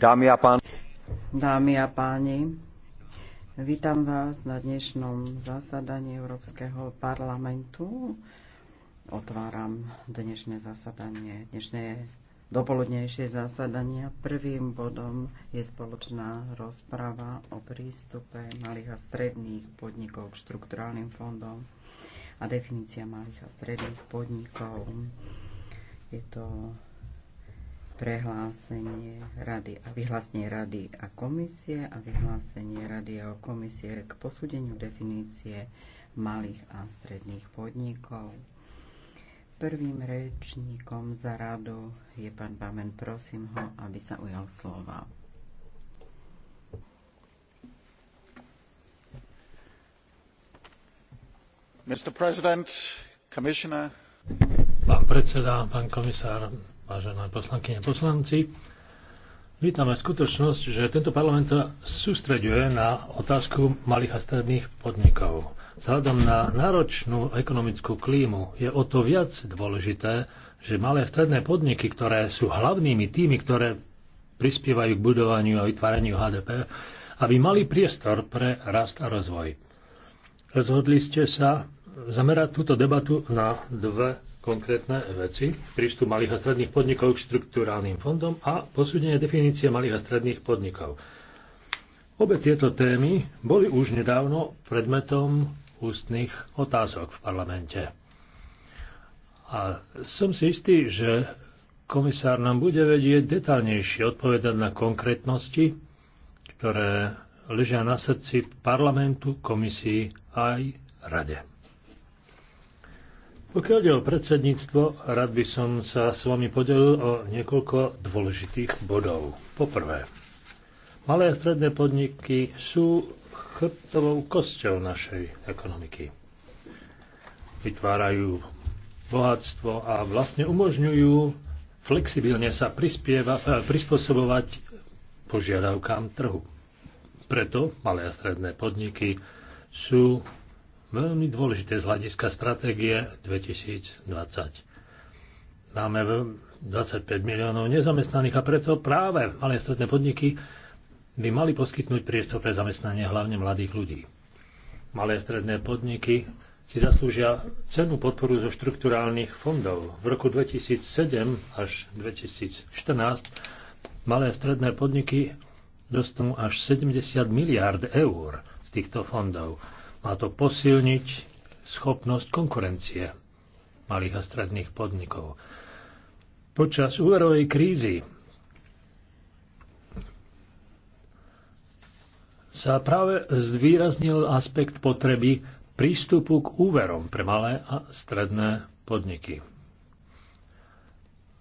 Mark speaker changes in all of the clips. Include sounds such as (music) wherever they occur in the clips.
Speaker 1: Dámy a páni.
Speaker 2: Dámy a páni, vítam vás na dnešnom zasadaní Európskeho parlamentu. Otváram dnešné zasadanie, dnešné dopoludnejšie zasadanie. Prvým bodom je spoločná rozprava o prístupe malých a stredných podnikov k štrukturálnym fondom a definícia malých a stredných podnikov. Je to prehlásenie rady a vyhlásenie rady a komisie a vyhlásenie rady a komisie k posúdeniu definície malých a stredných podnikov. Prvým rečníkom za radu je pán Bamen. Prosím ho, aby sa ujal slova.
Speaker 1: Mr. President, Commissioner.
Speaker 3: Pán predseda, pán komisár, vážené poslankyne poslanci. Vítame skutočnosť, že tento parlament sa sústreďuje na otázku malých a stredných podnikov. Vzhľadom na náročnú ekonomickú klímu je o to viac dôležité, že malé a stredné podniky, ktoré sú hlavnými tými, ktoré prispievajú k budovaniu a vytváraniu HDP, aby mali priestor pre rast a rozvoj. Rozhodli ste sa zamerať túto debatu na dve konkrétne veci, prístup malých a stredných podnikov k štruktúrálnym fondom a posúdenie definície malých a stredných podnikov. Obe tieto témy boli už nedávno predmetom ústnych otázok v parlamente. A som si istý, že komisár nám bude vedieť detálnejšie odpovedať na konkrétnosti, ktoré ležia na srdci parlamentu, komisii aj rade. Pokiaľ ide o predsedníctvo, rád by som sa s vami podelil o niekoľko dôležitých bodov. Poprvé, malé a stredné podniky sú chrbtovou kosťou našej ekonomiky. Vytvárajú bohatstvo a vlastne umožňujú flexibilne sa e, prispôsobovať požiadavkám trhu. Preto malé a stredné podniky sú veľmi dôležité z hľadiska stratégie 2020. Máme 25 miliónov nezamestnaných a preto práve malé stredné podniky by mali poskytnúť priestor pre zamestnanie hlavne mladých ľudí. Malé stredné podniky si zaslúžia cenu podporu zo štrukturálnych fondov. V roku 2007 až 2014 malé stredné podniky dostanú až 70 miliárd eur z týchto fondov. Má to posilniť schopnosť konkurencie malých a stredných podnikov. Počas úverovej krízy sa práve zvýraznil aspekt potreby prístupu k úverom pre malé a stredné podniky.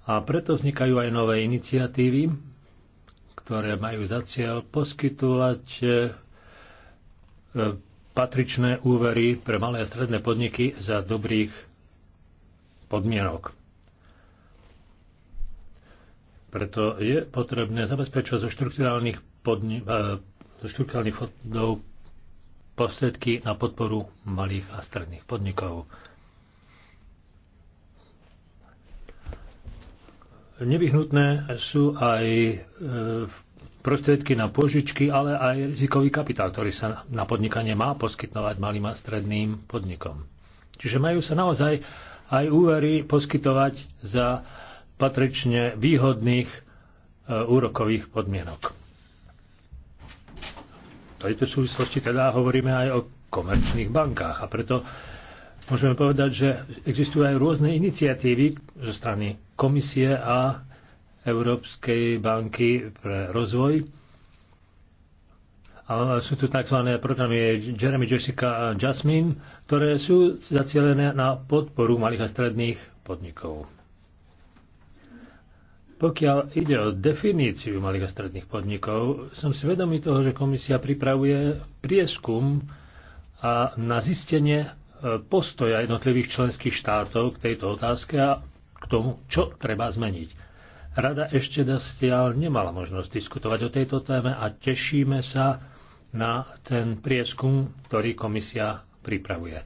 Speaker 3: A preto vznikajú aj nové iniciatívy, ktoré majú za cieľ poskytovať e, patričné úvery pre malé a stredné podniky za dobrých podmienok. Preto je potrebné zabezpečovať zo štrukturálnych, podni- eh, zo štrukturálnych fondov prostriedky na podporu malých a stredných podnikov. Nevyhnutné sú aj eh, v prostriedky na požičky, ale aj rizikový kapitál, ktorý sa na podnikanie má poskytovať malým a stredným podnikom. Čiže majú sa naozaj aj úvery poskytovať za patrične výhodných e, úrokových podmienok. V tejto súvislosti teda hovoríme aj o komerčných bankách a preto môžeme povedať, že existujú aj rôzne iniciatívy zo strany komisie a Európskej banky pre rozvoj. A sú tu tzv. programy Jeremy, Jessica a Jasmine, ktoré sú zacielené na podporu malých a stredných podnikov. Pokiaľ ide o definíciu malých a stredných podnikov, som si vedomý toho, že komisia pripravuje prieskum a na zistenie e, postoja jednotlivých členských štátov k tejto otázke a k tomu, čo treba zmeniť. Rada ešte dostial nemala možnosť diskutovať o tejto téme a tešíme sa na ten prieskum, ktorý komisia pripravuje.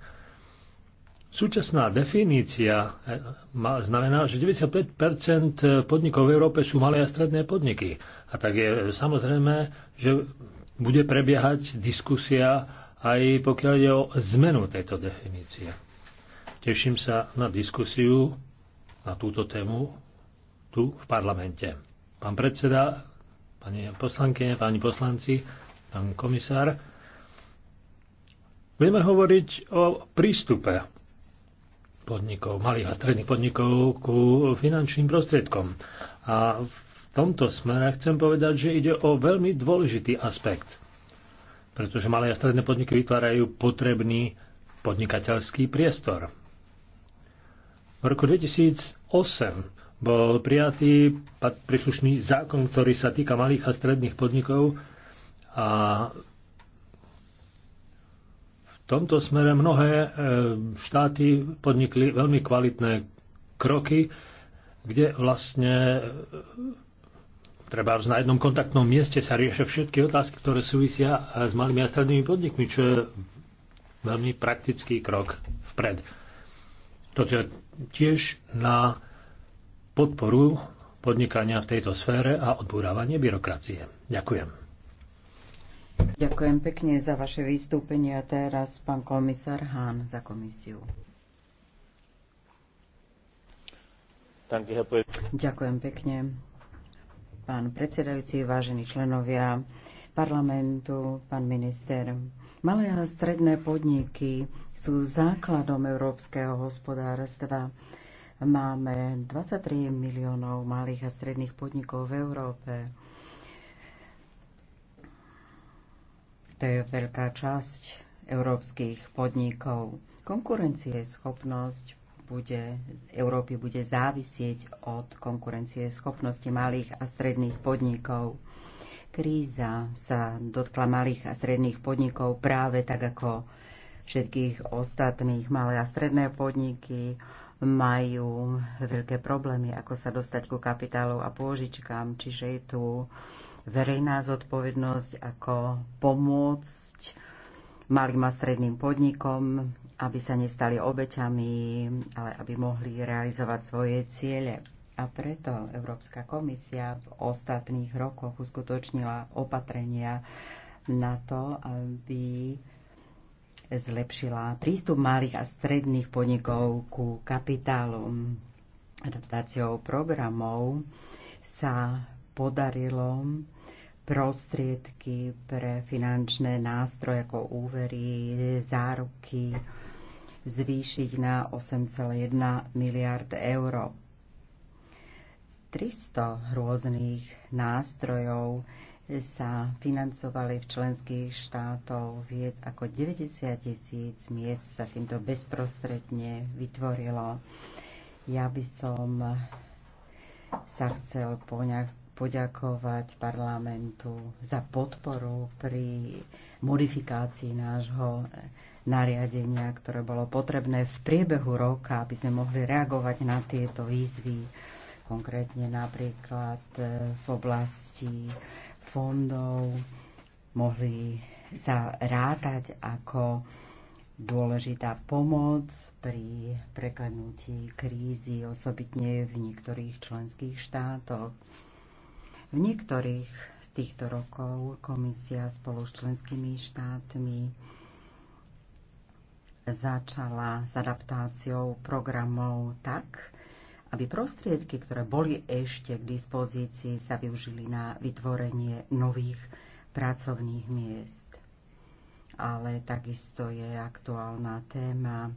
Speaker 3: Súčasná definícia eh, znamená, že 95 podnikov v Európe sú malé a stredné podniky. A tak je samozrejme, že bude prebiehať diskusia aj pokiaľ ide o zmenu tejto definície. Teším sa na diskusiu na túto tému tu v parlamente. Pán predseda, pani poslankyne, páni poslanci, pán komisár, budeme hovoriť o prístupe podnikov, malých a stredných podnikov ku finančným prostriedkom. A v tomto smere chcem povedať, že ide o veľmi dôležitý aspekt, pretože malé a stredné podniky vytvárajú potrebný podnikateľský priestor. V roku 2008 bol prijatý príslušný zákon, ktorý sa týka malých a stredných podnikov a v tomto smere mnohé e, štáty podnikli veľmi kvalitné kroky, kde vlastne e, treba na jednom kontaktnom mieste sa riešia všetky otázky, ktoré súvisia e, s malými a strednými podnikmi, čo je veľmi praktický krok vpred. Toto je tiež na podporu podnikania v tejto sfére a odbúravanie byrokracie. Ďakujem.
Speaker 2: Ďakujem pekne za vaše vystúpenie a teraz pán komisár Hán za komisiu. Ďakujem pekne. Pán predsedajúci, vážení členovia parlamentu, pán minister. Malé a stredné podniky sú základom európskeho hospodárstva Máme 23 miliónov malých a stredných podnikov v Európe. To je veľká časť európskych podnikov. Konkurencie schopnosť bude, Európy bude závisieť od konkurencie schopnosti malých a stredných podnikov. Kríza sa dotkla malých a stredných podnikov práve tak ako všetkých ostatných malé a stredné podniky majú veľké problémy, ako sa dostať ku kapitálu a pôžičkám. Čiže je tu verejná zodpovednosť, ako pomôcť malým a stredným podnikom, aby sa nestali obeťami, ale aby mohli realizovať svoje ciele. A preto Európska komisia v ostatných rokoch uskutočnila opatrenia na to, aby zlepšila prístup malých a stredných podnikov ku kapitálu. Adaptáciou programov sa podarilo prostriedky pre finančné nástroje ako úvery, záruky zvýšiť na 8,1 miliard eur. 300 rôznych nástrojov sa financovali v členských štátov viac ako 90 tisíc miest sa týmto bezprostredne vytvorilo. Ja by som sa chcel poďakovať parlamentu za podporu pri modifikácii nášho nariadenia, ktoré bolo potrebné v priebehu roka, aby sme mohli reagovať na tieto výzvy, konkrétne napríklad eh, v oblasti fondov mohli sa rátať ako dôležitá pomoc pri preklenutí krízy, osobitne v niektorých členských štátoch. V niektorých z týchto rokov komisia spolu s členskými štátmi začala s adaptáciou programov tak, aby prostriedky, ktoré boli ešte k dispozícii, sa využili na vytvorenie nových pracovných miest. Ale takisto je aktuálna téma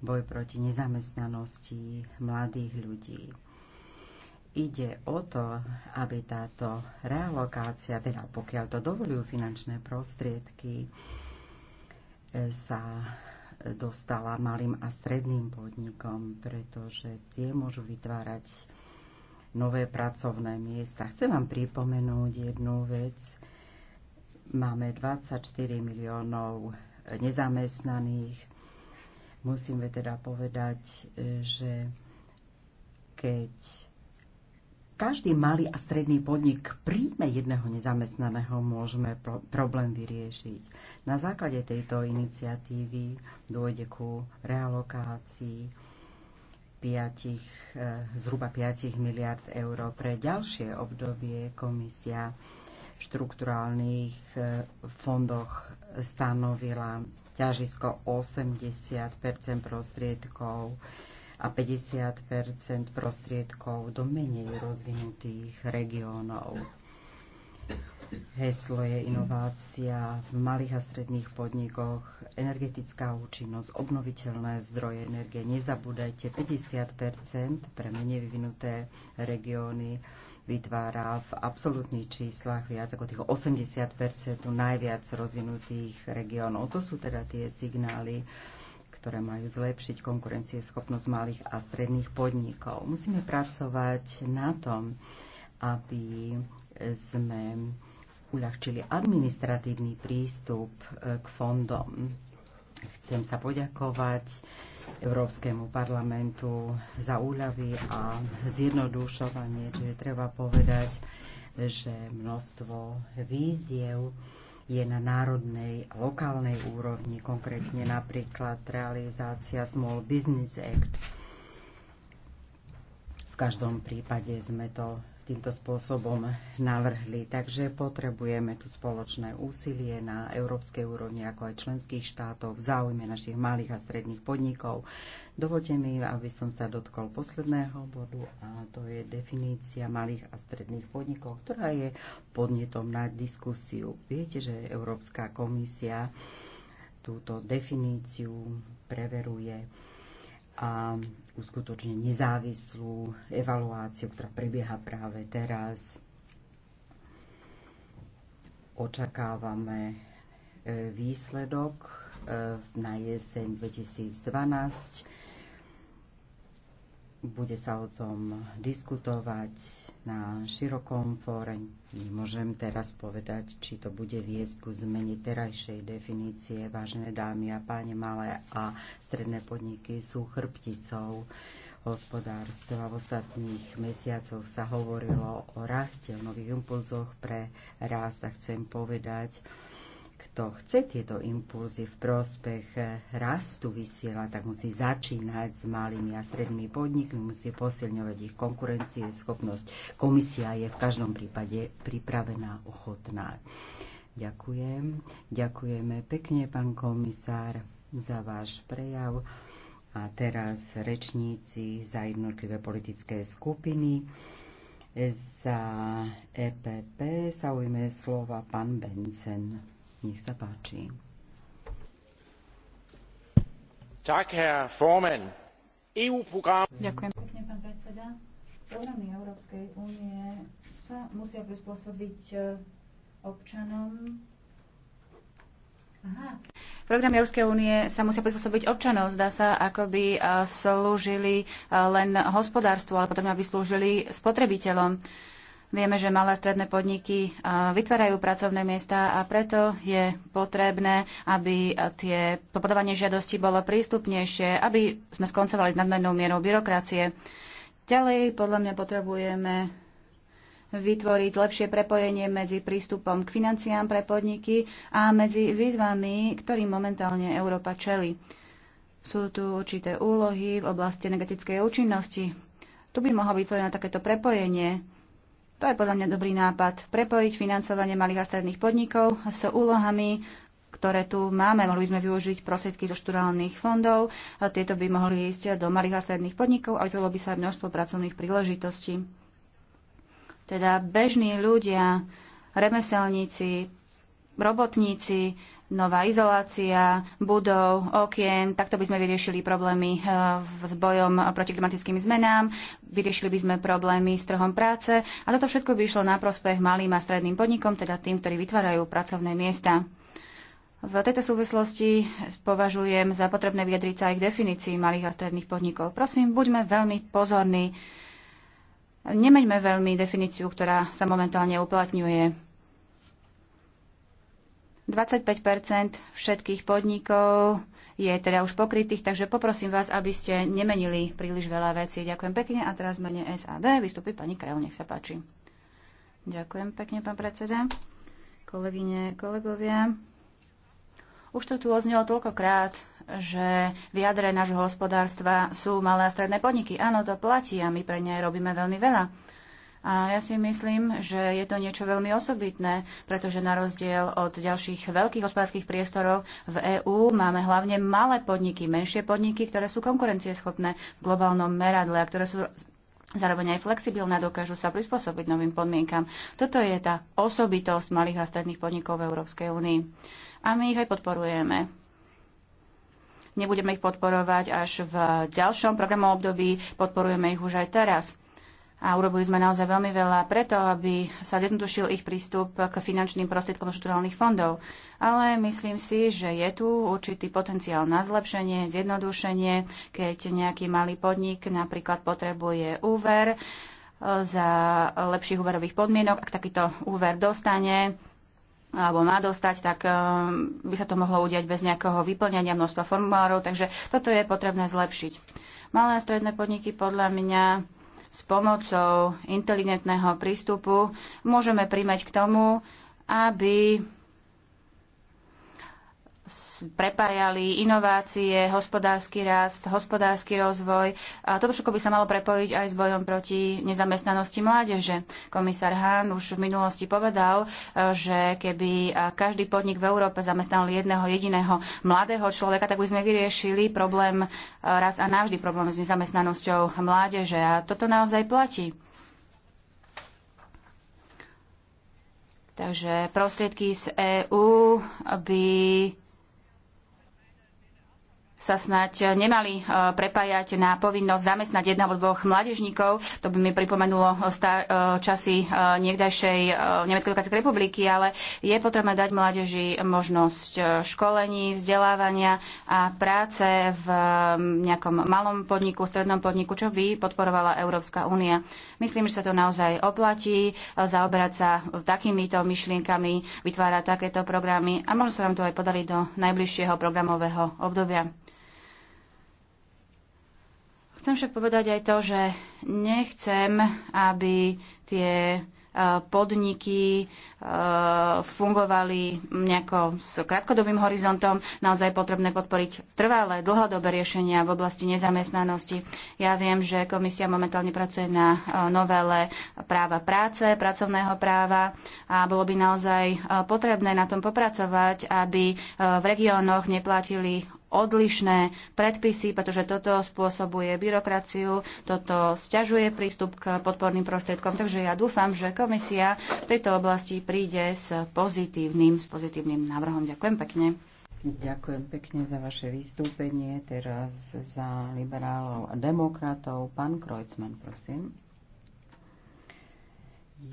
Speaker 2: boj proti nezamestnanosti mladých ľudí. Ide o to, aby táto realokácia, teda pokiaľ to dovolujú finančné prostriedky, e, sa dostala malým a stredným podnikom, pretože tie môžu vytvárať nové pracovné miesta. Chcem vám pripomenúť jednu vec. Máme 24 miliónov nezamestnaných. Musíme teda povedať, že keď každý malý a stredný podnik príjme jedného nezamestnaného, môžeme pro- problém vyriešiť. Na základe tejto iniciatívy dôjde ku realokácii 5, eh, zhruba 5 miliard eur pre ďalšie obdobie komisia v štrukturálnych eh, fondoch stanovila ťažisko 80 prostriedkov a 50 prostriedkov do menej rozvinutých regiónov. Heslo je inovácia v malých a stredných podnikoch, energetická účinnosť, obnoviteľné zdroje energie. Nezabúdajte, 50 pre menej vyvinuté regióny vytvára v absolútnych číslach viac ako tých 80 najviac rozvinutých regiónov. To sú teda tie signály, ktoré majú zlepšiť konkurencieschopnosť malých a stredných podnikov. Musíme pracovať na tom, aby sme uľahčili administratívny prístup e, k fondom. Chcem sa poďakovať Európskemu parlamentu za úľavy a zjednodušovanie, čiže treba povedať, že množstvo víziev je na národnej, lokálnej úrovni, konkrétne napríklad realizácia Small Business Act. V každom prípade sme to týmto spôsobom navrhli. Takže potrebujeme tu spoločné úsilie na európskej úrovni, ako aj členských štátov, v záujme našich malých a stredných podnikov. Dovolte mi, aby som sa dotkol posledného bodu, a to je definícia malých a stredných podnikov, ktorá je podnetom na diskusiu. Viete, že Európska komisia túto definíciu preveruje a uskutočne nezávislú evaluáciu, ktorá prebieha práve teraz. Očakávame e, výsledok e, na jeseň 2012 bude sa o tom diskutovať na širokom fóre. Môžem teraz povedať, či to bude viesť ku zmene terajšej definície. Vážené dámy a páni, malé a stredné podniky sú chrbticou hospodárstva. V ostatných mesiacoch sa hovorilo o raste, o nových impulzoch pre rast a chcem povedať, kto chce tieto impulzy v prospech eh, rastu vysiela, tak musí začínať s malými a strednými podnikmi, musí posilňovať ich schopnosť. Komisia je v každom prípade pripravená, ochotná. Ďakujem. Ďakujeme pekne, pán komisár, za váš prejav. A teraz rečníci za jednotlivé politické skupiny. Za EPP sa ujme slova pán Bensen. Nech sa páči.
Speaker 4: Tak, herr Formen. EU-program... Ďakujem pekne, pán predseda. Programy Európskej únie sa musia prispôsobiť e, občanom. Aha. Programy Európskej únie sa musia prispôsobiť občanov. Zdá sa, ako by e, slúžili e, len hospodárstvu, ale potom aby slúžili spotrebiteľom. Vieme, že malé a stredné podniky vytvárajú pracovné miesta a preto je potrebné, aby tie podávanie žiadosti bolo prístupnejšie, aby sme skoncovali s nadmernou mierou byrokracie. Ďalej podľa mňa potrebujeme vytvoriť lepšie prepojenie medzi prístupom k financiám pre podniky a medzi výzvami, ktorým momentálne Európa čeli. Sú tu určité úlohy v oblasti energetickej účinnosti. Tu by mohlo byť na takéto prepojenie to je podľa mňa dobrý nápad. Prepojiť financovanie malých a stredných podnikov s úlohami, ktoré tu máme. Mohli by sme využiť prostriedky zo šturálnych fondov. A tieto by mohli ísť do malých a stredných podnikov a vytvorilo by sa aj množstvo pracovných príležitostí. Teda bežní ľudia, remeselníci, robotníci, nová izolácia budov, okien, takto by sme vyriešili problémy eh, s bojom proti klimatickým zmenám, vyriešili by sme problémy s trhom práce a toto všetko by išlo na prospech malým a stredným podnikom, teda tým, ktorí vytvárajú pracovné miesta. V tejto súvislosti považujem za potrebné vyjadriť sa aj k definícii malých a stredných podnikov. Prosím, buďme veľmi pozorní. Nemeňme veľmi definíciu, ktorá sa momentálne uplatňuje 25 všetkých podnikov je teda už pokrytých, takže poprosím vás, aby ste nemenili príliš veľa vecí. Ďakujem pekne a teraz mene SAD vystúpi pani Kreľ, nech sa páči. Ďakujem pekne, pán predseda. Kolegyne, kolegovia. Už to tu oznelo toľkokrát, že v jadre nášho hospodárstva sú malé a stredné podniky. Áno, to platí a my pre ne robíme veľmi veľa. A ja si myslím, že je to niečo veľmi osobitné, pretože na rozdiel od ďalších veľkých hospodárskych priestorov v EÚ máme hlavne malé podniky, menšie podniky, ktoré sú konkurencieschopné v globálnom meradle a ktoré sú zároveň aj flexibilné, dokážu sa prispôsobiť novým podmienkam. Toto je tá osobitosť malých a stredných podnikov v Európskej únii. A my ich aj podporujeme nebudeme ich podporovať až v ďalšom programovom období, podporujeme ich už aj teraz a urobili sme naozaj veľmi veľa preto, aby sa zjednodušil ich prístup k finančným prostriedkom štruktúrnych fondov. Ale myslím si, že je tu určitý potenciál na zlepšenie, zjednodušenie, keď nejaký malý podnik napríklad potrebuje úver e, za lepších úverových podmienok, ak takýto úver dostane, alebo má dostať, tak e, by sa to mohlo udiať bez nejakého vyplňania množstva formulárov, takže toto je potrebné zlepšiť. Malé a stredné podniky podľa mňa s pomocou inteligentného prístupu môžeme príjmať k tomu, aby prepájali inovácie, hospodársky rast, hospodársky rozvoj. A toto všetko by sa malo prepojiť aj s bojom proti nezamestnanosti mládeže. Komisár Hahn už v minulosti povedal, e, že keby každý podnik v Európe zamestnal jedného jediného mladého človeka, tak by sme vyriešili problém e, raz a navždy problém s nezamestnanosťou mládeže. A toto naozaj platí. Takže prostriedky z EÚ by sa snať eh, nemali eh, prepájať na povinnosť zamestnať jedného dvoch mládežníkov. To by mi pripomenulo eh, časy niekdajšej Nemeckej Demokratickej republiky, ale je potrebné dať mládeži možnosť školení, vzdelávania a práce v mm, nejakom malom podniku, strednom podniku, čo by podporovala Európska únia. Myslím, že sa to naozaj oplatí zaoberať sa takýmito myšlienkami, vytvárať takéto programy a možno sa nám to aj podali do najbližšieho programového obdobia. Chcem však povedať aj to, že nechcem, aby tie eh, podniky Eh, fungovali nejako s krátkodobým horizontom, naozaj potrebné podporiť trvalé, dlhodobé riešenia v oblasti nezamestnanosti. Ja viem, že komisia momentálne pracuje na eh, novele práva práce, pracovného práva a bolo by naozaj eh, potrebné na tom popracovať, aby v regiónoch neplatili odlišné predpisy, pretože toto spôsobuje byrokraciu, toto sťažuje prístup k podporným prostriedkom. Takže ja dúfam, že komisia v tejto oblasti príde s pozitívnym, s pozitívnym návrhom. Ďakujem pekne. Ďakujem
Speaker 2: pekne za vaše vystúpenie. Teraz za liberálov a demokratov. Pán Krojcman, prosím.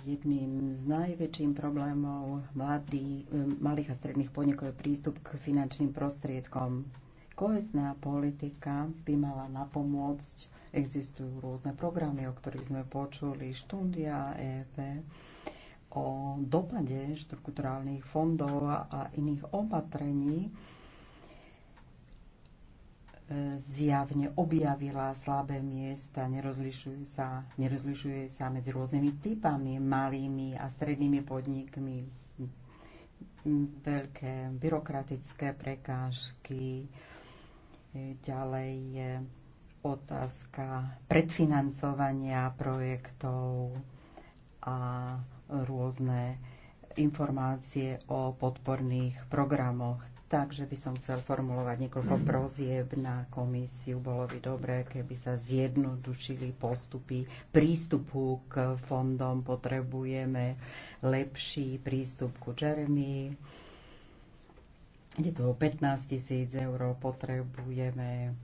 Speaker 2: Jedným z najväčším problémov mladí, eh, malých a stredných podnikov je prístup k finančným prostriedkom. Kohezná politika by mala napomôcť. Existujú rôzne programy, o ktorých sme počuli, štúdia EFE o dopade štrukturálnych fondov a iných opatrení e, zjavne objavila slabé miesta, nerozlišuje sa, nerozlišuje sa medzi rôznymi typami, malými a strednými podnikmi, veľké byrokratické prekážky, e, ďalej je otázka predfinancovania projektov a rôzne informácie o podporných programoch. Takže by som chcel formulovať niekoľko mhm. prozieb na komisiu. Bolo by dobré, keby sa zjednodušili postupy prístupu k fondom. Potrebujeme lepší prístup ku Jeremy. Je to 15 tisíc eur. Potrebujeme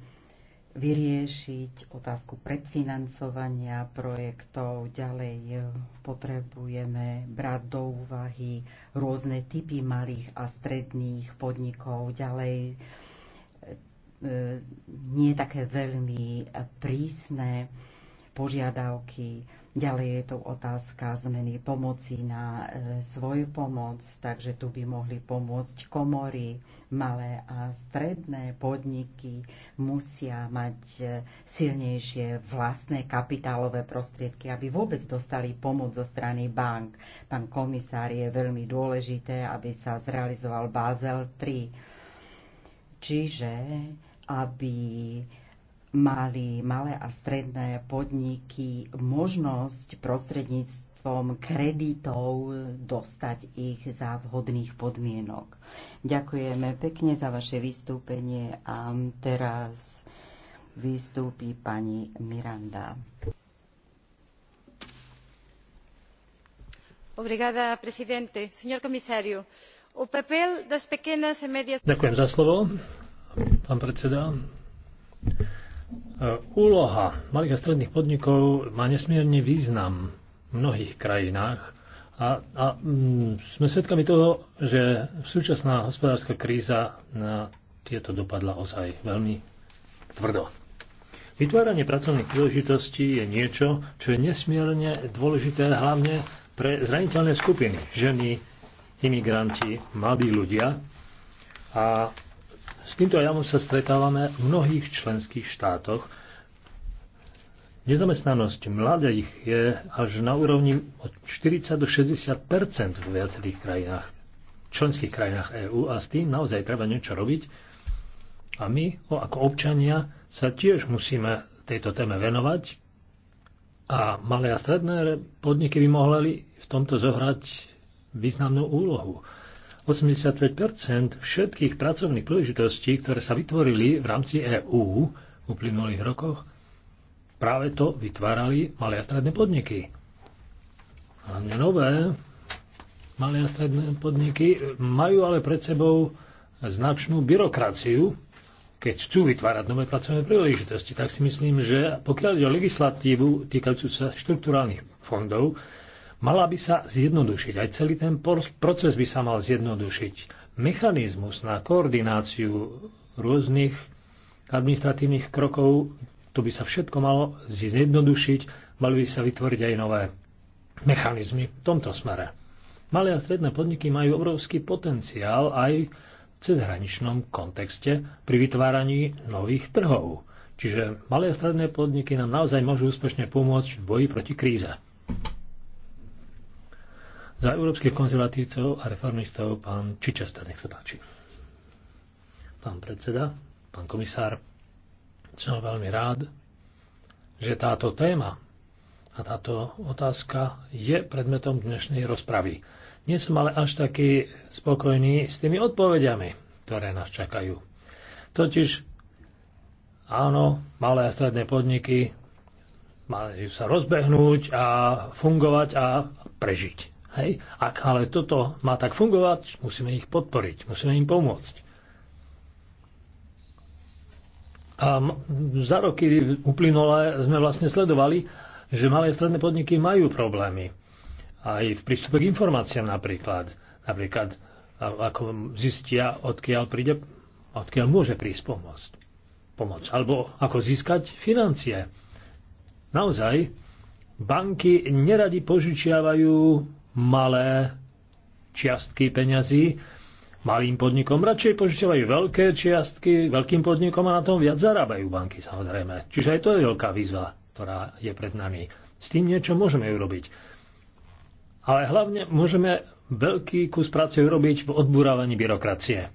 Speaker 2: vyriešiť otázku predfinancovania projektov. Ďalej e, potrebujeme brať do úvahy rôzne typy malých a stredných podnikov. Ďalej e, nie také veľmi prísne požiadavky Ďalej je to otázka zmeny pomoci na e, svoju pomoc, takže tu by mohli pomôcť komory, malé a stredné podniky musia mať e, silnejšie vlastné kapitálové prostriedky, aby vôbec dostali pomoc zo strany bank. Pán komisár, je veľmi dôležité, aby sa zrealizoval Bázel 3. Čiže aby mali malé a stredné podniky možnosť prostredníctvom kreditov dostať ich za vhodných podmienok. Ďakujeme pekne za vaše vystúpenie a teraz vystúpi pani Miranda.
Speaker 4: Obrigada, presidente. Señor comisario, o papel das pequenas e medias... Ďakujem
Speaker 3: za slovo, pán predseda. E, úloha malých a stredných podnikov má nesmierne význam v mnohých krajinách a, a mm, sme svedkami toho, že súčasná hospodárska kríza na tieto dopadla ozaj veľmi tvrdo. Vytváranie pracovných príležitostí je niečo, čo je nesmierne dôležité hlavne pre zraniteľné skupiny. Ženy, imigranti, mladí ľudia. A s týmto javom sa stretávame v mnohých členských štátoch. Nezamestnanosť mladých je až na úrovni od 40 do 60 v viacerých krajinách, členských krajinách EÚ a s tým naozaj treba niečo robiť. A my ako občania sa tiež musíme tejto téme venovať a malé a stredné podniky by mohli v tomto zohrať významnú úlohu. 85 všetkých pracovných príležitostí, ktoré sa vytvorili v rámci EÚ v uplynulých rokoch, práve to vytvárali malé a stredné podniky. Hlavne nové malé a stredné podniky majú ale pred sebou značnú byrokraciu, keď chcú vytvárať nové pracovné príležitosti, tak si myslím, že pokiaľ ide o legislatívu týkajúcu sa štruktúrálnych fondov, Mala by sa zjednodušiť, aj celý ten proces by sa mal zjednodušiť. Mechanizmus na koordináciu rôznych administratívnych krokov, to by sa všetko malo zjednodušiť, mali by sa vytvoriť aj nové mechanizmy v tomto smere. Malé a stredné podniky majú obrovský potenciál aj v cezhraničnom kontexte pri vytváraní nových trhov. Čiže malé a stredné podniky nám naozaj môžu úspešne pomôcť v boji proti kríze. Za európskych konzervatívcov a reformistov pán Čičester, nech sa páči. Pán predseda, pán komisár, som veľmi rád, že táto téma a táto otázka je predmetom dnešnej rozpravy. Nie som ale až taký spokojný s tými odpovediami, ktoré nás čakajú. Totiž, áno, malé a stredné podniky majú sa rozbehnúť a fungovať a prežiť. Hej. Ak ale toto má tak fungovať, musíme ich podporiť, musíme im pomôcť. A za roky uplynulé sme vlastne sledovali, že malé stredné podniky majú problémy. Aj v prístupe k informáciám napríklad. Napríklad ako zistia, odkiaľ príde, odkiaľ môže prísť pomoc. Pomoc. Alebo ako získať financie. Naozaj, banky neradi požičiavajú malé čiastky peňazí malým podnikom. Radšej požičiavajú veľké čiastky veľkým podnikom a na tom viac zarábajú banky samozrejme. Čiže aj to je veľká výzva, ktorá je pred nami. S tým niečo môžeme urobiť. Ale hlavne môžeme veľký kus práce urobiť v odburávaní byrokracie.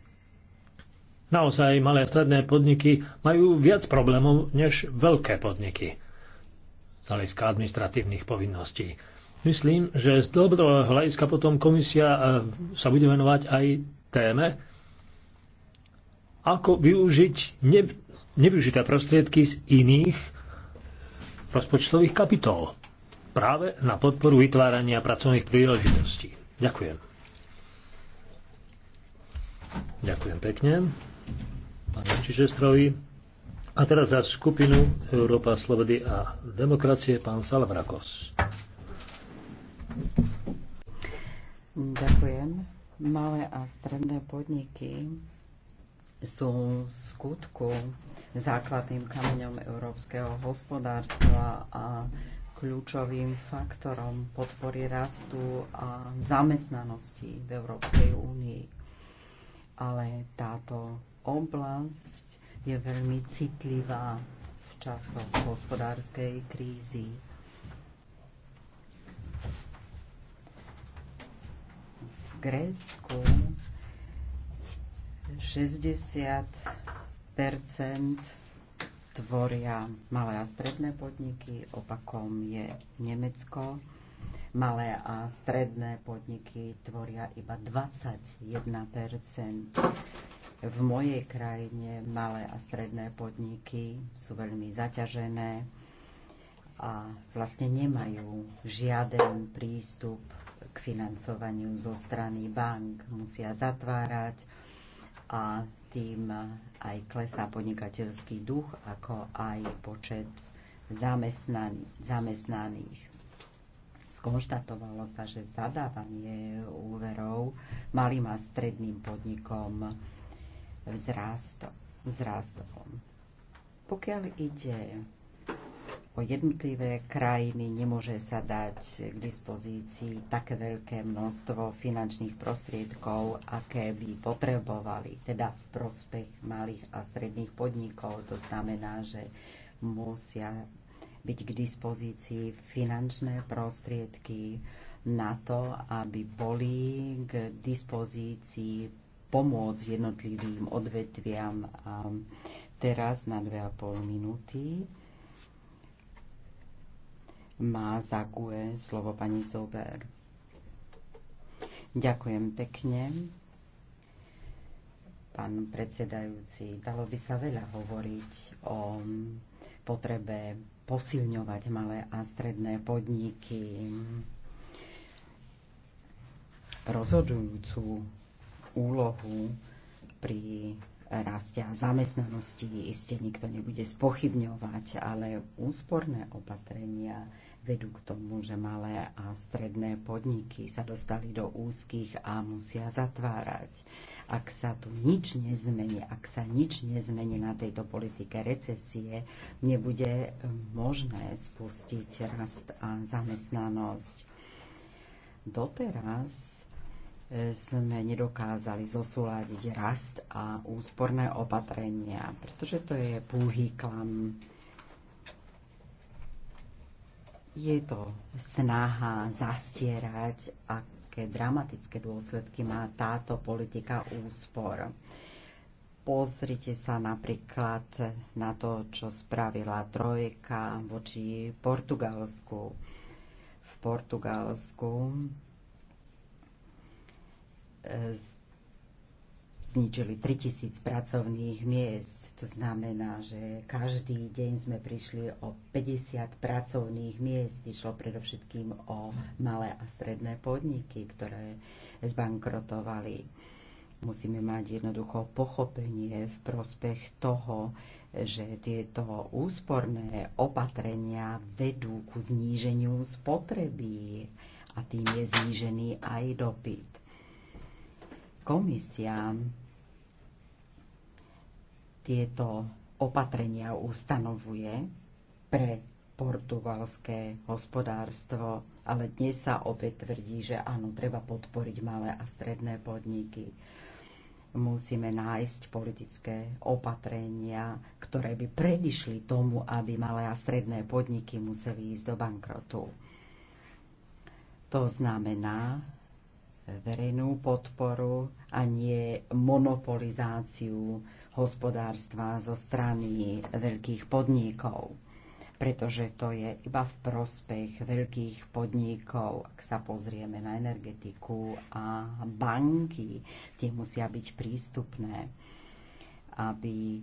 Speaker 3: Naozaj malé a stredné podniky majú viac problémov než veľké podniky z hľadiska administratívnych povinností. Myslím, že z dlhodobého hľadiska potom komisia e, sa bude venovať aj téme, ako využiť ne, nevyužité prostriedky z iných rozpočtových kapitol práve na podporu vytvárania pracovných príležitostí. Ďakujem. Ďakujem pekne pánu Čižestrovi. A teraz za skupinu Európa, Slobody a demokracie pán Salvrakos.
Speaker 2: Malé a stredné podniky sú v skutku základným kameňom európskeho hospodárstva a kľúčovým faktorom podpory rastu a zamestnanosti v Európskej únii. Ale táto oblasť je veľmi citlivá v časoch hospodárskej krízy Grécku 60 tvoria malé a stredné podniky, opakom je Nemecko. Malé a stredné podniky tvoria iba 21 V mojej krajine malé a stredné podniky sú veľmi zaťažené a vlastne nemajú žiaden prístup k financovaniu zo strany bank, musia zatvárať a tým aj klesá podnikateľský duch, ako aj počet zamestnaných. Skonštatovalo sa, že zadávanie úverov malým a stredným podnikom vzrástlo. Pokiaľ ide o jednotlivé krajiny nemôže sa dať k dispozícii také veľké množstvo finančných prostriedkov, aké by potrebovali, teda v prospech malých a stredných podnikov. To znamená, že musia byť k dispozícii finančné prostriedky na to, aby boli k dispozícii pomôcť jednotlivým odvetviam. A teraz na 2,5 minúty má za slovo pani Zober. Ďakujem pekne. Pán predsedajúci, dalo by sa veľa hovoriť o potrebe posilňovať malé a stredné podniky. Rozhodujúcu úlohu pri rastia zamestnanosti iste nikto nebude spochybňovať, ale úsporné opatrenia vedú k tomu, že malé a stredné podniky sa dostali do úzkých a musia zatvárať. Ak sa tu nič nezmení, ak sa nič nezmení na tejto politike recesie, nebude eh, možné spustiť rast a zamestnanosť. Doteraz eh, sme nedokázali zosúľadiť rast a úsporné opatrenia, pretože to je púhý klam je to snaha zastierať, aké dramatické dôsledky má táto politika úspor. Pozrite sa napríklad na to, čo spravila Trojka voči Portugalsku. V Portugalsku e, zničili 3000 pracovných miest. To znamená, že každý deň sme prišli o 50 pracovných miest. Išlo predovšetkým o malé a stredné podniky, ktoré zbankrotovali. Musíme mať jednoducho pochopenie v prospech toho, že tieto úsporné opatrenia vedú ku zníženiu spotreby a tým je znížený aj dopyt komisia tieto opatrenia ustanovuje pre portugalské hospodárstvo, ale dnes sa opäť tvrdí, že áno, treba podporiť malé a stredné podniky. Musíme nájsť politické opatrenia, ktoré by predišli tomu, aby malé a stredné podniky museli ísť do bankrotu. To znamená, verejnú podporu a nie monopolizáciu hospodárstva zo strany veľkých podnikov pretože to je iba v prospech veľkých podnikov. Ak sa pozrieme na energetiku a banky, tie musia byť prístupné, aby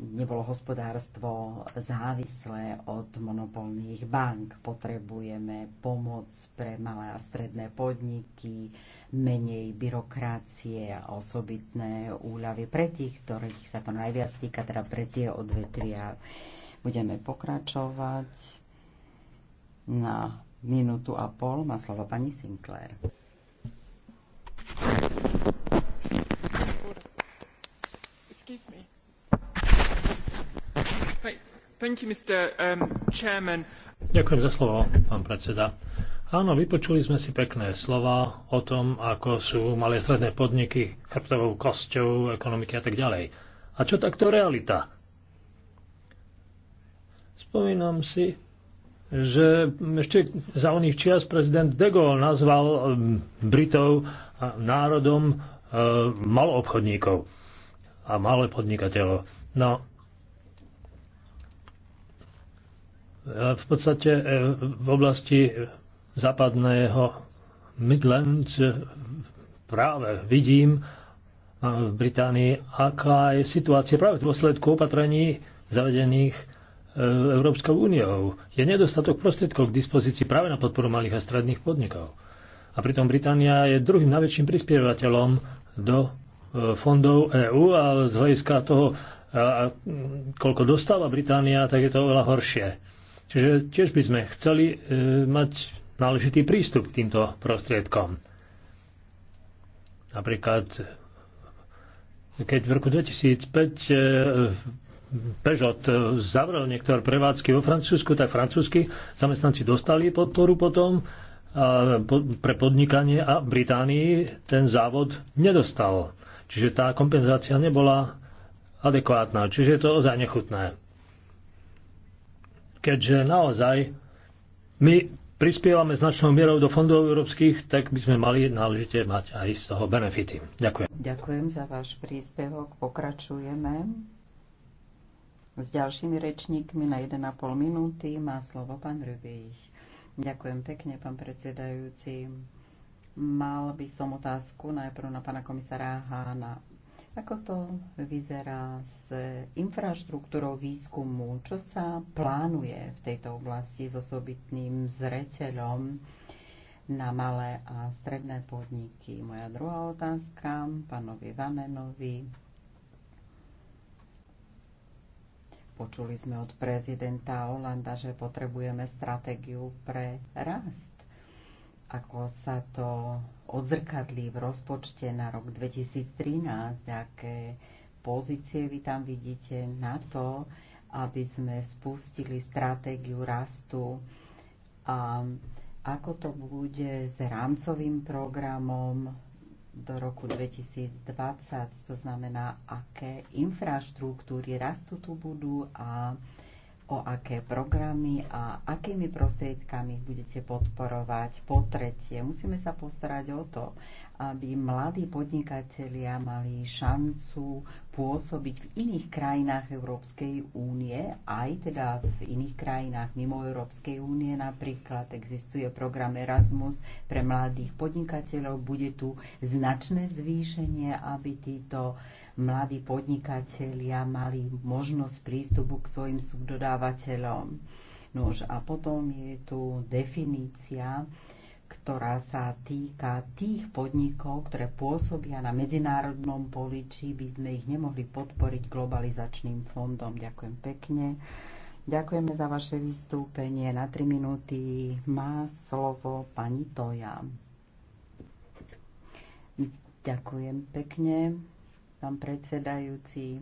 Speaker 2: nebolo hospodárstvo závislé od monopolných bank. Potrebujeme pomoc pre malé a stredné podniky, menej byrokracie a osobitné úľavy pre tých, ktorých sa to najviac týka, teda pre tie odvetvia. Budeme pokračovať na minútu a pol. Má slovo pani Sinclair.
Speaker 1: Excuse me.
Speaker 3: Um, Ďakujem za slovo, pán predseda. Áno, vypočuli sme si pekné slova o tom, ako sú malé stredné podniky chrbtovou kosťou ekonomiky a tak ďalej. A čo takto realita? Spomínam si, že ešte za oných čias prezident de Gaulle nazval um, Britov národom uh, maloobchodníkov a malé podnikateľov. No, E, v podstate e, v oblasti západného Midlands e, práve vidím v Británii, aká je situácia práve v dôsledku opatrení zavedených Európskou úniou. Je nedostatok prostriedkov k dispozícii práve na podporu malých a stredných podnikov. A pritom Británia je druhým najväčším prispievateľom do fondov EÚ a z hľadiska toho, koľko dostáva Británia, tak je to oveľa horšie. Čiže tiež by sme chceli e, mať náležitý prístup k týmto prostriedkom. Napríklad, keď v roku 2005 e, Peugeot zavrel niektoré prevádzky vo Francúzsku, tak francúzsky zamestnanci dostali podporu potom a, po, pre podnikanie a v Británii ten závod nedostal. Čiže tá kompenzácia nebola adekvátna. Čiže je to ozaj nechutné keďže naozaj my prispievame značnou mierou do fondov európskych, tak by sme mali náležite mať aj z toho benefity. Ďakujem.
Speaker 2: Ďakujem za váš príspevok. Pokračujeme s ďalšími rečníkmi na 1,5 minúty. Má slovo pán Rybich. Ďakujem pekne, pán predsedajúci. Mal by som otázku najprv na pána komisára Hána. Ako to vyzerá s infraštruktúrou výskumu? Čo sa plánuje v tejto oblasti s osobitným zreteľom na malé a stredné podniky? Moja druhá otázka pánovi Vanenovi. Počuli sme od prezidenta Olanda, že potrebujeme stratégiu pre rast ako sa to odzrkadlí v rozpočte na rok 2013, aké pozície vy tam vidíte na to, aby sme spustili stratégiu rastu a ako to bude s rámcovým programom do roku 2020, to znamená, aké infraštruktúry rastu tu budú a o aké programy a akými prostriedkami ich budete podporovať. Po tretie, musíme sa postarať o to, aby mladí podnikatelia mali šancu pôsobiť v iných krajinách Európskej únie, aj teda v iných krajinách mimo Európskej únie. Napríklad existuje program Erasmus pre mladých podnikateľov. Bude tu značné zvýšenie, aby títo uh, mladí podnikatelia mali možnosť prístupu k svojim subdodávateľom. Nož a potom je tu definícia, ktorá sa týka tých podnikov, ktoré pôsobia na medzinárodnom poli, či by sme ich nemohli podporiť globalizačným fondom. Ďakujem pekne. Ďakujeme za vaše vystúpenie. Na 3 minúty má slovo pani Toja. Ďakujem pekne pán predsedajúci.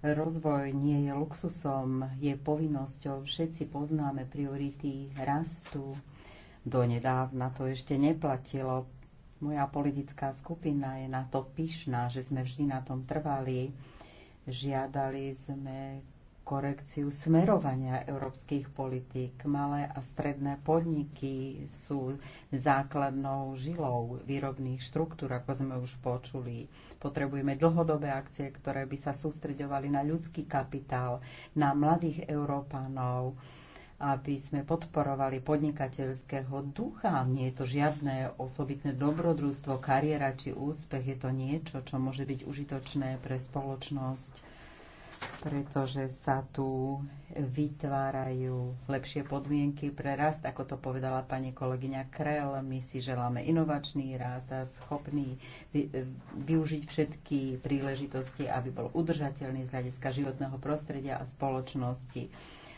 Speaker 2: Rozvoj nie je luxusom, je povinnosťou. Všetci poznáme priority rastu. Donedávna to ešte neplatilo. Moja politická skupina je na to pyšná, že sme vždy na tom trvali. Žiadali sme korekciu smerovania európskych politík. Malé a stredné podniky sú základnou žilou výrobných štruktúr, ako sme už počuli. Potrebujeme dlhodobé akcie, ktoré by sa sústreďovali na ľudský kapitál, na mladých Európanov, aby sme podporovali podnikateľského ducha. Nie je to žiadne osobitné dobrodružstvo, kariéra či úspech. Je to niečo, čo môže byť užitočné pre spoločnosť pretože sa tu vytvárajú lepšie podmienky pre rast, ako to povedala pani kolegyňa Krel. My si želáme inovačný rast a schopný využiť všetky príležitosti, aby bol udržateľný z hľadiska životného prostredia a spoločnosti.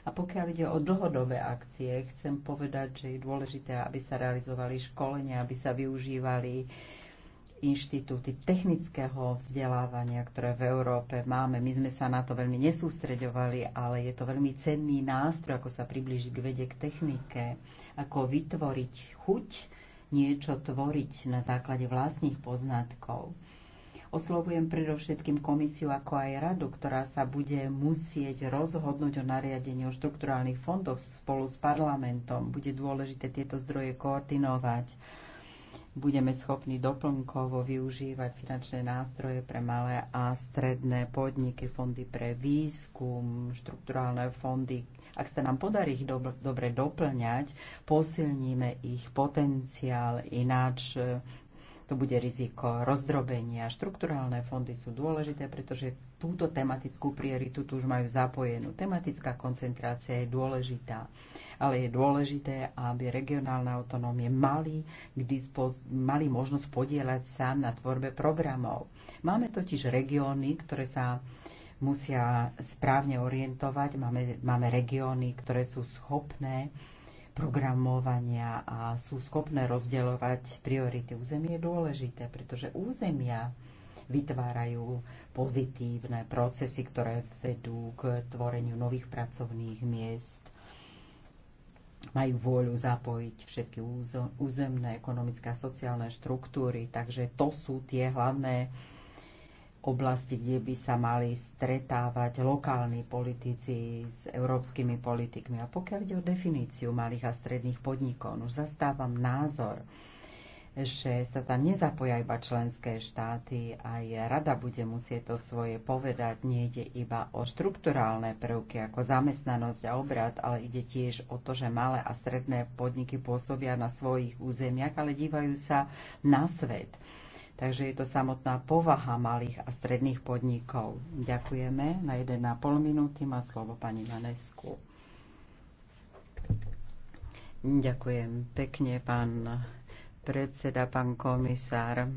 Speaker 2: A pokiaľ ide o dlhodobé akcie, chcem povedať, že je dôležité, aby sa realizovali školenia, aby sa využívali inštitúty technického vzdelávania, ktoré v Európe máme. My sme sa na to veľmi nesústreďovali, ale je to veľmi cenný nástroj, ako sa približiť k vede, k technike, ako vytvoriť chuť, niečo tvoriť na základe vlastných poznatkov. Oslovujem predovšetkým komisiu ako aj radu, ktorá sa bude musieť rozhodnúť o nariadení o štrukturálnych fondoch spolu s parlamentom. Bude dôležité tieto zdroje koordinovať budeme schopní doplnkovo využívať finančné nástroje pre malé a stredné podniky, fondy pre výskum, štrukturálne fondy. Ak sa nám podarí ich dob- dobre doplňať, posilníme ich potenciál, ináč tu bude riziko rozdrobenia. Štrukturálne fondy sú dôležité, pretože túto tematickú prioritu tu už majú zapojenú. Tematická koncentrácia je dôležitá, ale je dôležité, aby regionálne autonómie mali, k dispoz- mali možnosť podielať sa na tvorbe programov. Máme totiž regióny, ktoré sa musia správne orientovať, máme, máme regióny, ktoré sú schopné programovania a sú schopné rozdeľovať priority. Územie je dôležité, pretože územia vytvárajú pozitívne procesy, ktoré vedú k tvoreniu nových pracovných miest. Majú vôľu zapojiť všetky územné, ekonomické a sociálne štruktúry, takže to sú tie hlavné oblasti, kde by sa mali stretávať lokálni politici s európskymi politikmi. A pokiaľ ide o definíciu malých a stredných podnikov, no už zastávam názor, že sa tam nezapoja iba členské štáty, aj rada bude musieť to svoje povedať. ide iba o štrukturálne prvky ako zamestnanosť a obrad, ale ide tiež o to, že malé a stredné podniky pôsobia na svojich územiach, ale dívajú sa na svet Takže je to samotná povaha malých a stredných podnikov. Ďakujeme. Na 1,5 minúty má slovo pani Manesku. Ďakujem pekne, pán predseda, pán komisár.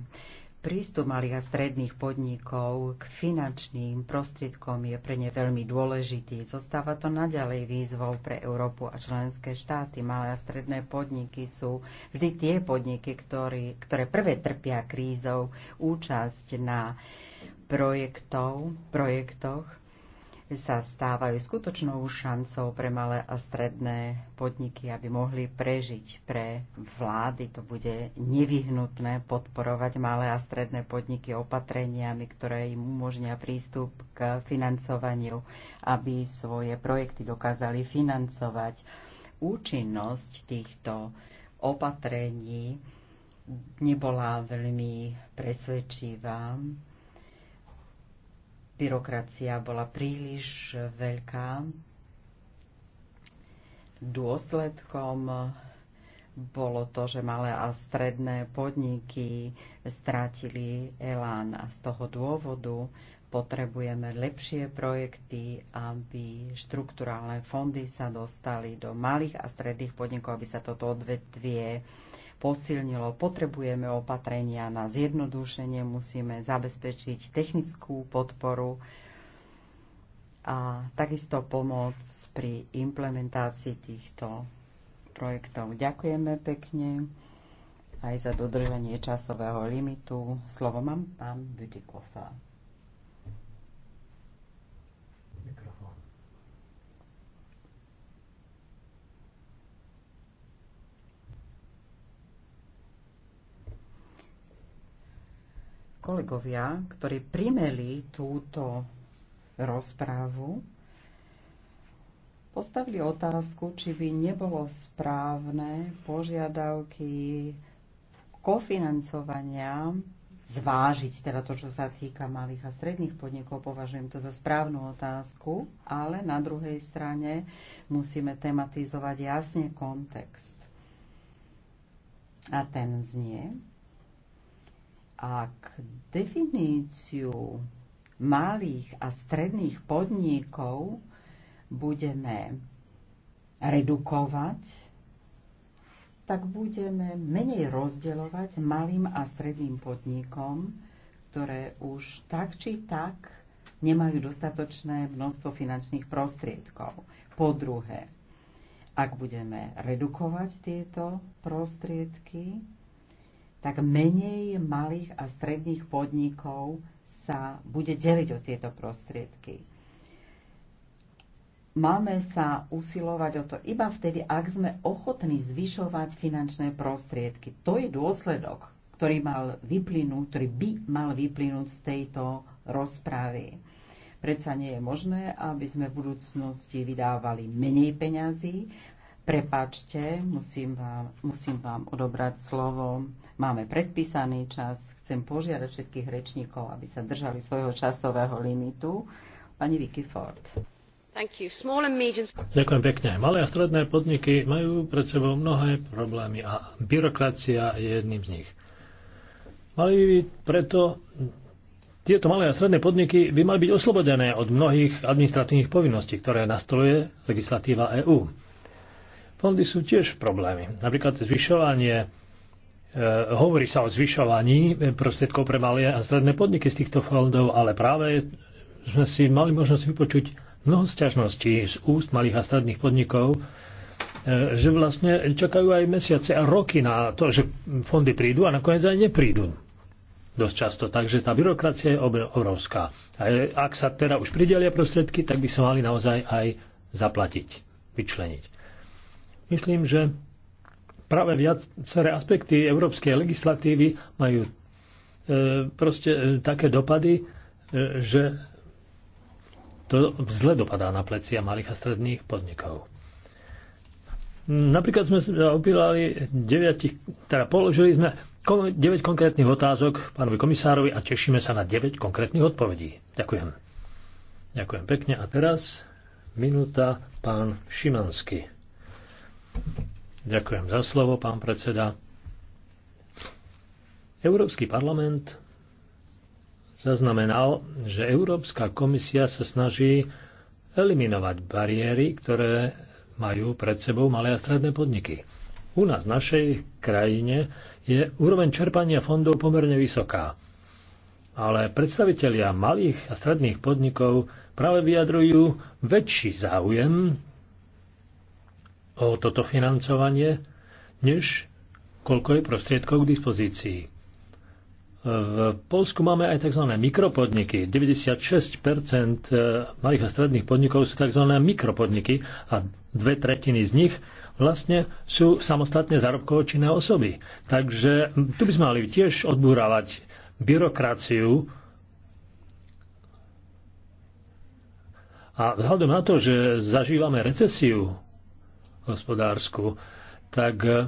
Speaker 2: Prístup malých a stredných podnikov k finančným prostriedkom je pre ne veľmi dôležitý. Zostáva to naďalej výzvou pre Európu a členské štáty. Malé a stredné podniky sú vždy tie podniky, ktorý, ktoré prvé trpia krízou účasť na projektov, projektoch sa stávajú skutočnou šancou pre malé a stredné podniky, aby mohli prežiť. Pre vlády to bude nevyhnutné podporovať malé a stredné podniky opatreniami, ktoré im umožnia prístup k financovaniu, aby svoje projekty dokázali financovať. Účinnosť týchto opatrení nebola veľmi presvedčivá byrokracia bola príliš veľká. Dôsledkom bolo to, že malé a stredné podniky strátili elán a z toho dôvodu potrebujeme lepšie projekty, aby štrukturálne fondy sa dostali do malých a stredných podnikov, aby sa toto odvetvie posilnilo. Potrebujeme opatrenia na zjednodušenie, musíme zabezpečiť technickú podporu a takisto pomoc pri implementácii týchto projektov. Ďakujeme pekne aj za dodržanie časového limitu. Slovo mám pán Budikofer. kolegovia, ktorí primeli túto rozprávu, postavili otázku, či by nebolo správne požiadavky kofinancovania zvážiť, teda to, čo sa týka malých a stredných podnikov, považujem to za správnu otázku, ale na druhej strane musíme tematizovať jasne kontext. A ten znie, ak definíciu malých a stredných podnikov budeme redukovať, tak budeme menej rozdeľovať malým a stredným podnikom, ktoré už tak či tak nemajú dostatočné množstvo finančných prostriedkov. Po druhé, ak budeme redukovať tieto prostriedky, tak menej malých a stredných podnikov sa bude deliť o tieto prostriedky. Máme sa usilovať o to iba vtedy, ak sme ochotní zvyšovať finančné prostriedky. To je dôsledok, ktorý mal vyplynúť, ktorý by mal vyplynúť z tejto rozpravy. Predsa nie je možné, aby sme v budúcnosti vydávali menej peňazí, Prepačte, musím vám, musím vám odobrať slovo. Máme predpísaný čas. Chcem požiadať všetkých rečníkov, aby sa držali svojho časového limitu. Pani Vicky Ford. Medium... Ďakujem pekne.
Speaker 3: Malé a stredné podniky majú pred sebou mnohé problémy a byrokracia je jedným z nich. Mali by preto tieto malé a stredné podniky by mali byť oslobodené od mnohých administratívnych povinností, ktoré nastoluje legislatíva EÚ fondy sú tiež problémy. Napríklad zvyšovanie, e, hovorí sa o zvyšovaní prostriedkov pre malé a stredné podniky z týchto fondov, ale práve sme si mali možnosť vypočuť mnoho sťažností z úst malých a stredných podnikov, e, že vlastne čakajú aj mesiace a roky na to, že fondy prídu a nakoniec aj neprídu. Dosť často. Takže tá byrokracia je obrovská. A ak sa teda už pridelia prostriedky, tak by sa mali naozaj aj zaplatiť, vyčleniť. Myslím, že práve viaceré aspekty európskej legislatívy majú e, proste e, také dopady, e, že to zle dopadá na plecia malých a stredných podnikov. Napríklad sme opýtali 9, teda položili sme 9 konkrétnych otázok pánovi komisárovi a tešíme sa na 9 konkrétnych odpovedí. Ďakujem. Ďakujem pekne. A teraz minúta pán Šimanský. Ďakujem za slovo, pán predseda. Európsky parlament zaznamenal, že Európska komisia sa snaží eliminovať bariéry, ktoré majú pred sebou malé a stredné podniky. U nás, v našej krajine, je úroveň čerpania fondov pomerne vysoká. Ale predstavitelia malých a stredných podnikov práve vyjadrujú väčší záujem o toto financovanie, než koľko je prostriedkov k dispozícii. V Polsku máme aj tzv. mikropodniky. 96 e, malých a stredných podnikov sú tzv. mikropodniky a dve tretiny z nich vlastne sú samostatne zárobkovočinné osoby. Takže tu by sme mali tiež odbúravať byrokraciu, a vzhľadom na to, že zažívame recesiu hospodársku, tak eh,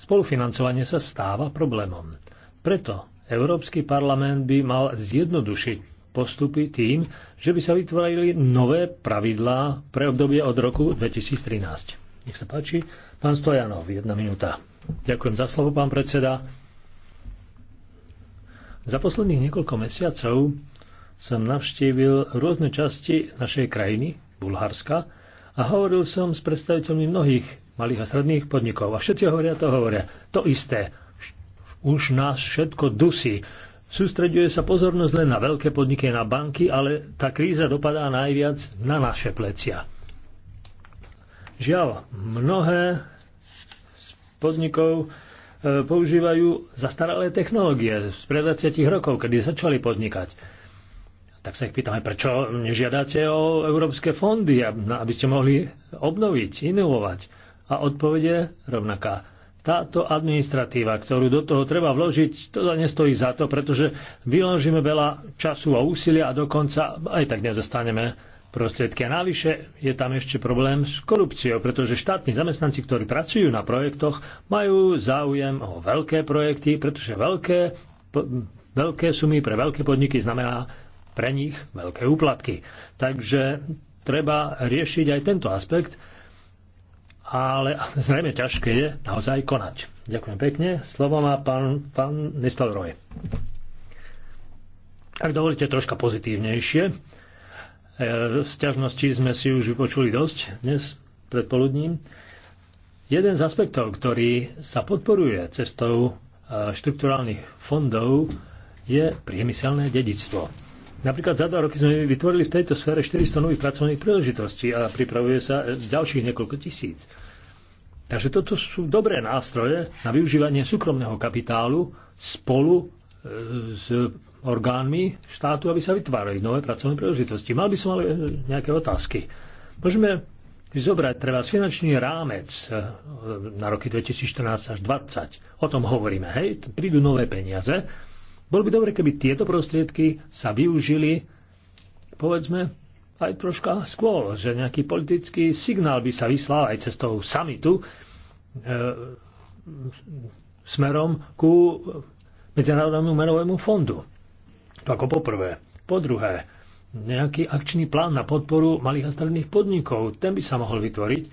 Speaker 3: spolufinancovanie sa stáva problémom. Preto Európsky parlament by mal zjednodušiť postupy tým, že by sa vytvorili nové pravidlá pre obdobie od roku 2013. Nech sa páči, pán Stojanov, jedna minúta. Ďakujem za slovo, pán predseda. Za posledných niekoľko mesiacov som navštívil rôzne časti našej krajiny, Bulharska, a hovoril som s predstaviteľmi mnohých malých a stredných podnikov. A všetci hovoria to hovoria. To isté. Už nás všetko dusí. Sústreďuje sa pozornosť len na veľké podniky, na banky, ale tá kríza dopadá najviac na naše plecia. Žiaľ, mnohé z podnikov e, používajú zastaralé technológie z pred 20 rokov, kedy začali podnikať tak sa ich pýtame, prečo nežiadate o európske fondy, aby ste mohli obnoviť, inovovať. A odpovede rovnaká. Táto administratíva, ktorú do toho treba vložiť, to nestojí za to, pretože vyložíme veľa času a úsilia a dokonca aj tak nedostaneme prostriedky. A navyše je tam ešte problém s korupciou, pretože štátni zamestnanci, ktorí pracujú na projektoch, majú záujem o veľké projekty, pretože veľké, veľké sumy pre veľké podniky znamená pre nich veľké úplatky. Takže treba riešiť aj tento aspekt, ale (laughs) zrejme ťažké je naozaj konať. Ďakujem pekne. Slovo má pán, pán Nistelroj. Ak dovolíte troška pozitívnejšie, e, sťažnosti sme si už vypočuli dosť dnes predpoludním. Jeden z aspektov, ktorý sa podporuje cestou e, štrukturálnych fondov, je priemyselné dedictvo. Napríklad za dva roky sme vytvorili v tejto sfére 400 nových pracovných príležitostí a pripravuje sa ďalších niekoľko tisíc. Takže toto sú dobré nástroje na využívanie súkromného kapitálu spolu e, s orgánmi štátu, aby sa vytvárali nové pracovné príležitosti. Mal by som ale e, nejaké otázky. Môžeme zobrať treba finančný rámec e, na roky 2014 až 2020. O tom hovoríme, hej? Prídu nové peniaze bolo by dobre, keby tieto prostriedky sa využili, povedzme, aj troška skôr, že nejaký politický signál by sa vyslal aj toho samitu e, smerom ku Medzinárodnému menovému fondu. To ako poprvé. Po druhé, nejaký akčný plán na podporu malých a stredných podnikov, ten by sa mohol vytvoriť,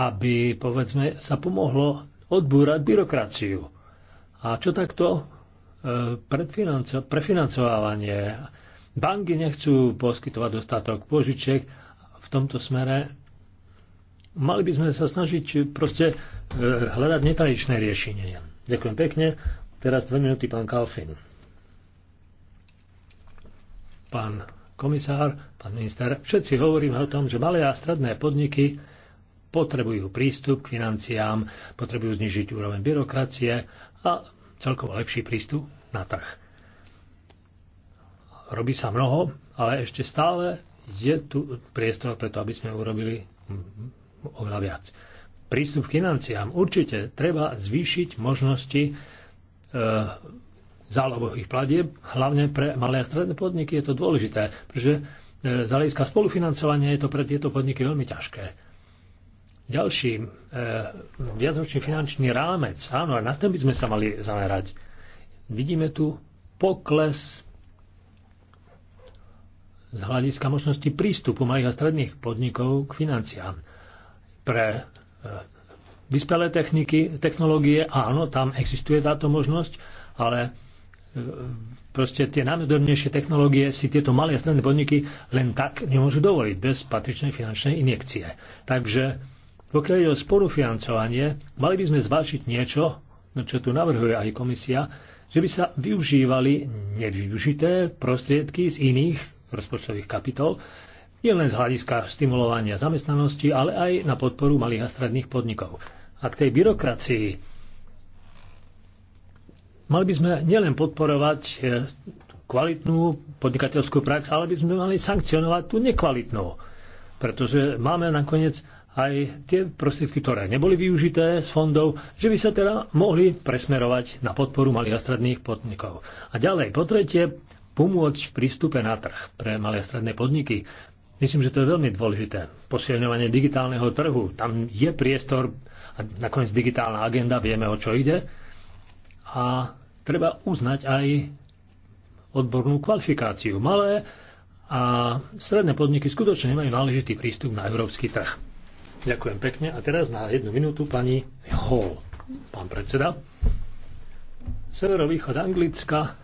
Speaker 3: aby, povedzme, sa pomohlo odbúrať byrokraciu. A čo takto prefinancovávanie. Banky nechcú poskytovať dostatok požičiek. V tomto smere mali by sme sa snažiť proste e, hľadať netradičné riešenie. Ďakujem pekne. Teraz dve minúty pán Kalfin. Pán komisár, pán minister, všetci hovoríme o tom, že malé a stredné podniky potrebujú prístup k financiám, potrebujú znižiť úroveň byrokracie a celkovo lepší prístup na trh. Robí sa mnoho, ale ešte stále je tu priestor preto, aby sme urobili oveľa viac. Prístup k financiám určite treba zvýšiť možnosti e, zálohových platieb, hlavne pre malé a stredné podniky je to dôležité, pretože e, z hľadiska spolufinancovania je to pre tieto podniky veľmi ťažké ďalší e, viacročný finančný rámec. Áno, a na ten by sme sa mali zamerať. Vidíme tu pokles z hľadiska možnosti prístupu malých a stredných podnikov k financiám. Pre e, vyspelé techniky, technológie, áno, tam existuje táto možnosť, ale e, proste tie najmodernejšie technológie si tieto malé a stredné podniky len tak nemôžu dovoliť bez patričnej finančnej injekcie. Takže pokiaľ ide o spolufinancovanie, mali by sme zvážiť niečo, no čo tu navrhuje aj komisia, že by sa využívali nevyužité prostriedky z iných rozpočtových kapitol, nielen z hľadiska stimulovania zamestnanosti, ale aj na podporu malých a stredných podnikov. A k tej byrokracii mali by sme nielen podporovať e, kvalitnú podnikateľskú prax, ale by sme mali sankcionovať tú nekvalitnú. Pretože máme nakoniec aj tie prostriedky, ktoré neboli využité z fondov, že by sa teda mohli presmerovať na podporu malých a stredných podnikov. A ďalej, po tretie, pomôcť v prístupe na trh pre malé a stredné podniky. Myslím, že to je veľmi dôležité. Posilňovanie digitálneho trhu. Tam je priestor a nakoniec digitálna agenda, vieme o čo ide. A treba uznať aj odbornú kvalifikáciu. Malé a stredné podniky skutočne nemajú náležitý prístup na európsky trh. Ďakujem pekne. A teraz na jednu minútu pani Hall, pán predseda. Severovýchod Anglicka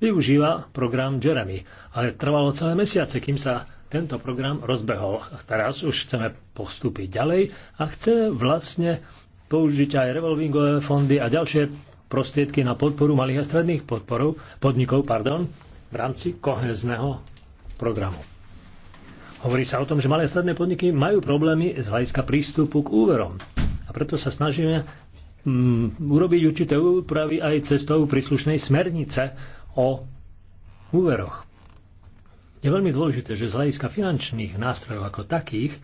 Speaker 3: využíva program Jeremy, ale trvalo celé mesiace, kým sa tento program rozbehol. Teraz už chceme postúpiť ďalej a chceme vlastne použiť aj revolvingové fondy a ďalšie prostriedky na podporu malých a stredných podporov, podnikov pardon, v rámci kohezného programu. Hovorí sa o tom, že malé a stredné podniky majú problémy z hľadiska prístupu k úverom. A preto sa snažíme mm, urobiť určité úpravy aj cestou príslušnej smernice o úveroch. Je veľmi dôležité, že z hľadiska finančných nástrojov ako takých e,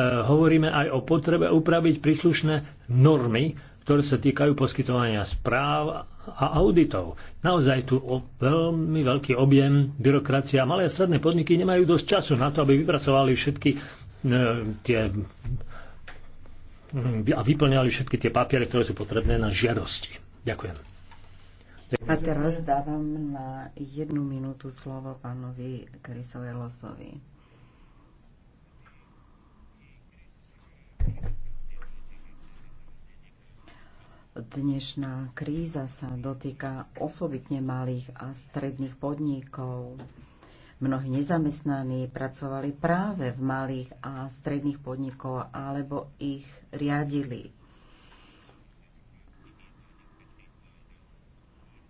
Speaker 3: hovoríme aj o potrebe upraviť príslušné normy ktoré sa týkajú poskytovania správ a auditov. Naozaj tu o veľmi veľký objem byrokracia. Malé a stredné podniky nemajú dosť času na to, aby vypracovali všetky e, tie mm, a vyplňali všetky tie papiere, ktoré sú potrebné na žiadosti. Ďakujem. Ďakujem. A teraz
Speaker 2: dávam na jednu minútu slovo pánovi Krysovi Losovi. Dnešná kríza sa dotýka osobitne malých a stredných podnikov. Mnohí nezamestnaní pracovali práve v malých a stredných podnikoch alebo ich riadili.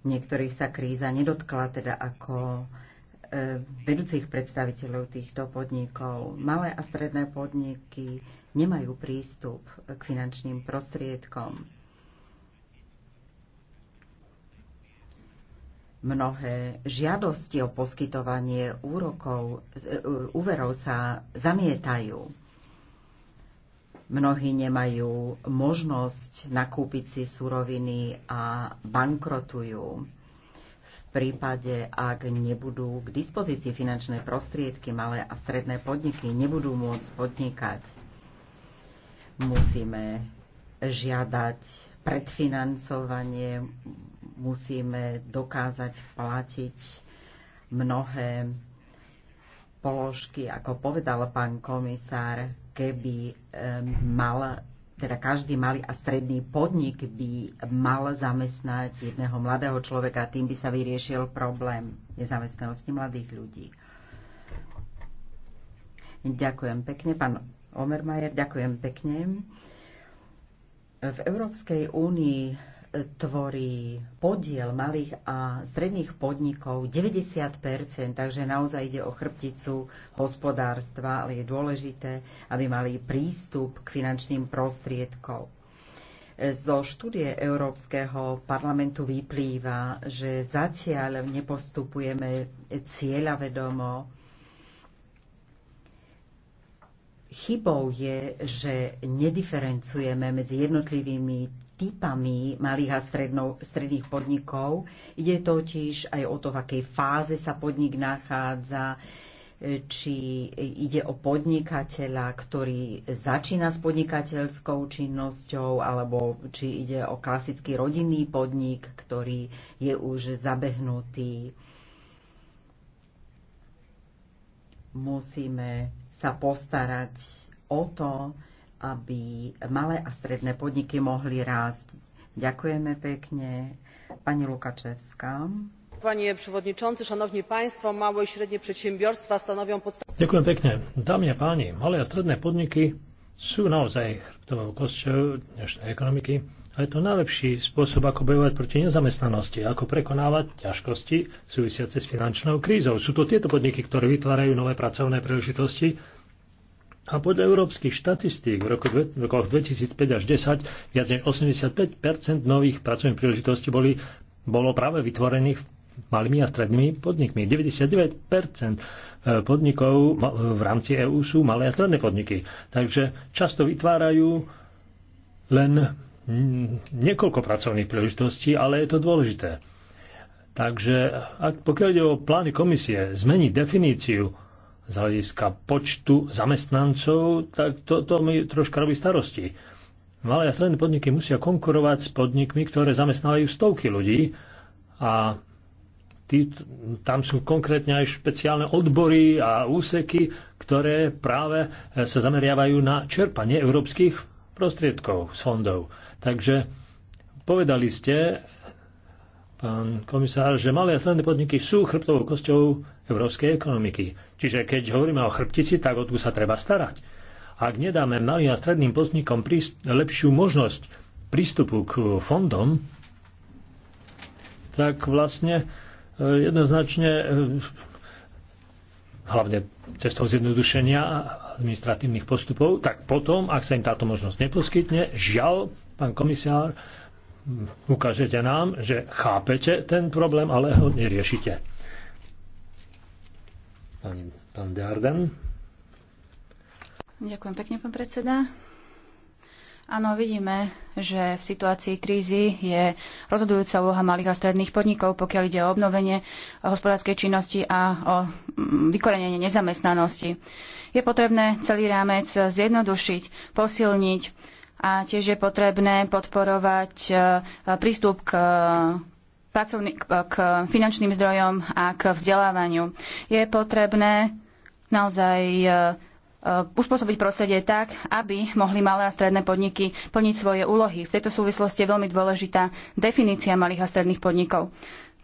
Speaker 2: Niektorých sa kríza nedotkla teda ako e, vedúcich predstaviteľov týchto podnikov. Malé a stredné podniky nemajú prístup k finančným prostriedkom. mnohé žiadosti o poskytovanie úrokov, e, e, úverov sa zamietajú. Mnohí nemajú možnosť nakúpiť si suroviny a bankrotujú. V prípade, ak nebudú k dispozícii finančné prostriedky, malé a stredné podniky nebudú môcť podnikať, musíme žiadať predfinancovanie, musíme dokázať platiť mnohé položky, ako povedal pán komisár, keby mal teda každý malý a stredný podnik by mal zamestnať jedného mladého človeka a tým by sa vyriešil problém nezamestnanosti mladých ľudí. Ďakujem pekne, pán Omermajer, ďakujem pekne. V Európskej únii tvorí podiel malých a stredných podnikov 90%, takže naozaj ide o chrbticu hospodárstva, ale je dôležité, aby mali prístup k finančným prostriedkom. Zo štúdie Európskeho parlamentu vyplýva, že zatiaľ nepostupujeme cieľavedomo. Chybou je, že nediferencujeme medzi jednotlivými typami malých a strednou, stredných podnikov. Ide totiž aj o to, v akej fáze sa podnik nachádza, e, či ide o podnikateľa, ktorý začína s podnikateľskou činnosťou, alebo či ide o klasický rodinný podnik, ktorý je už zabehnutý. Musíme sa postarať o to, aby malé a stredné podniky mohli rásť. Ďakujeme pekne. Pani Lukačevská.
Speaker 5: Panie przewodniczący, szanowni państwo, małe i średnie przedsiębiorstwa stanowią podstawę.
Speaker 3: Ďakujem pekne. Dámy a páni, malé a stredné podniky sú naozaj chrbtovou kosťou dnešnej ekonomiky a je to najlepší spôsob, ako bojovať proti nezamestnanosti, ako prekonávať ťažkosti súvisiace s finančnou krízou. Sú to tieto podniky, ktoré vytvárajú nové pracovné príležitosti a podľa európskych štatistík v roku, rokoch 2005 až 10 viac než 85 nových pracovných príležitostí boli, bolo práve vytvorených malými a strednými podnikmi. 99 e, podnikov v rámci EÚ sú malé a stredné podniky. Takže často vytvárajú len mm, niekoľko pracovných príležitostí, ale je to dôležité. Takže ak, pokiaľ ide o plány komisie zmeniť definíciu z hľadiska počtu zamestnancov, tak to, to mi troška robí starosti. Malé a stredné podniky musia konkurovať s podnikmi, ktoré zamestnávajú stovky ľudí a tí, tam sú konkrétne aj špeciálne odbory a úseky, ktoré práve sa zameriavajú na čerpanie európskych prostriedkov z fondov. Takže povedali ste, pán komisár, že malé a stredné podniky sú chrbtovou kosťou európskej ekonomiky. Čiže keď hovoríme o chrbtici, tak o tú sa treba starať. Ak nedáme malým a stredným podnikom lepšiu možnosť prístupu k fondom, tak vlastne e, jednoznačne e, hlavne cestou zjednodušenia administratívnych postupov, tak potom, ak sa im táto možnosť neposkytne, žiaľ, pán komisár, ukážete nám, že chápete ten problém, ale ho neriešite. Pán, pán Dardan.
Speaker 4: Ďakujem pekne, pán predseda. Áno, vidíme, že v situácii krízy je rozhodujúca úloha malých a stredných podnikov, pokiaľ ide o obnovenie hospodárskej činnosti a o mm, vykorenenie nezamestnanosti. Je potrebné celý rámec zjednodušiť, posilniť a tiež je potrebné podporovať e, prístup k pracovný, k finančným zdrojom a k vzdelávaniu. Je potrebné naozaj e, e, uspôsobiť prostredie tak, aby mohli malé a stredné podniky plniť svoje úlohy. V tejto súvislosti je veľmi dôležitá definícia malých a stredných podnikov.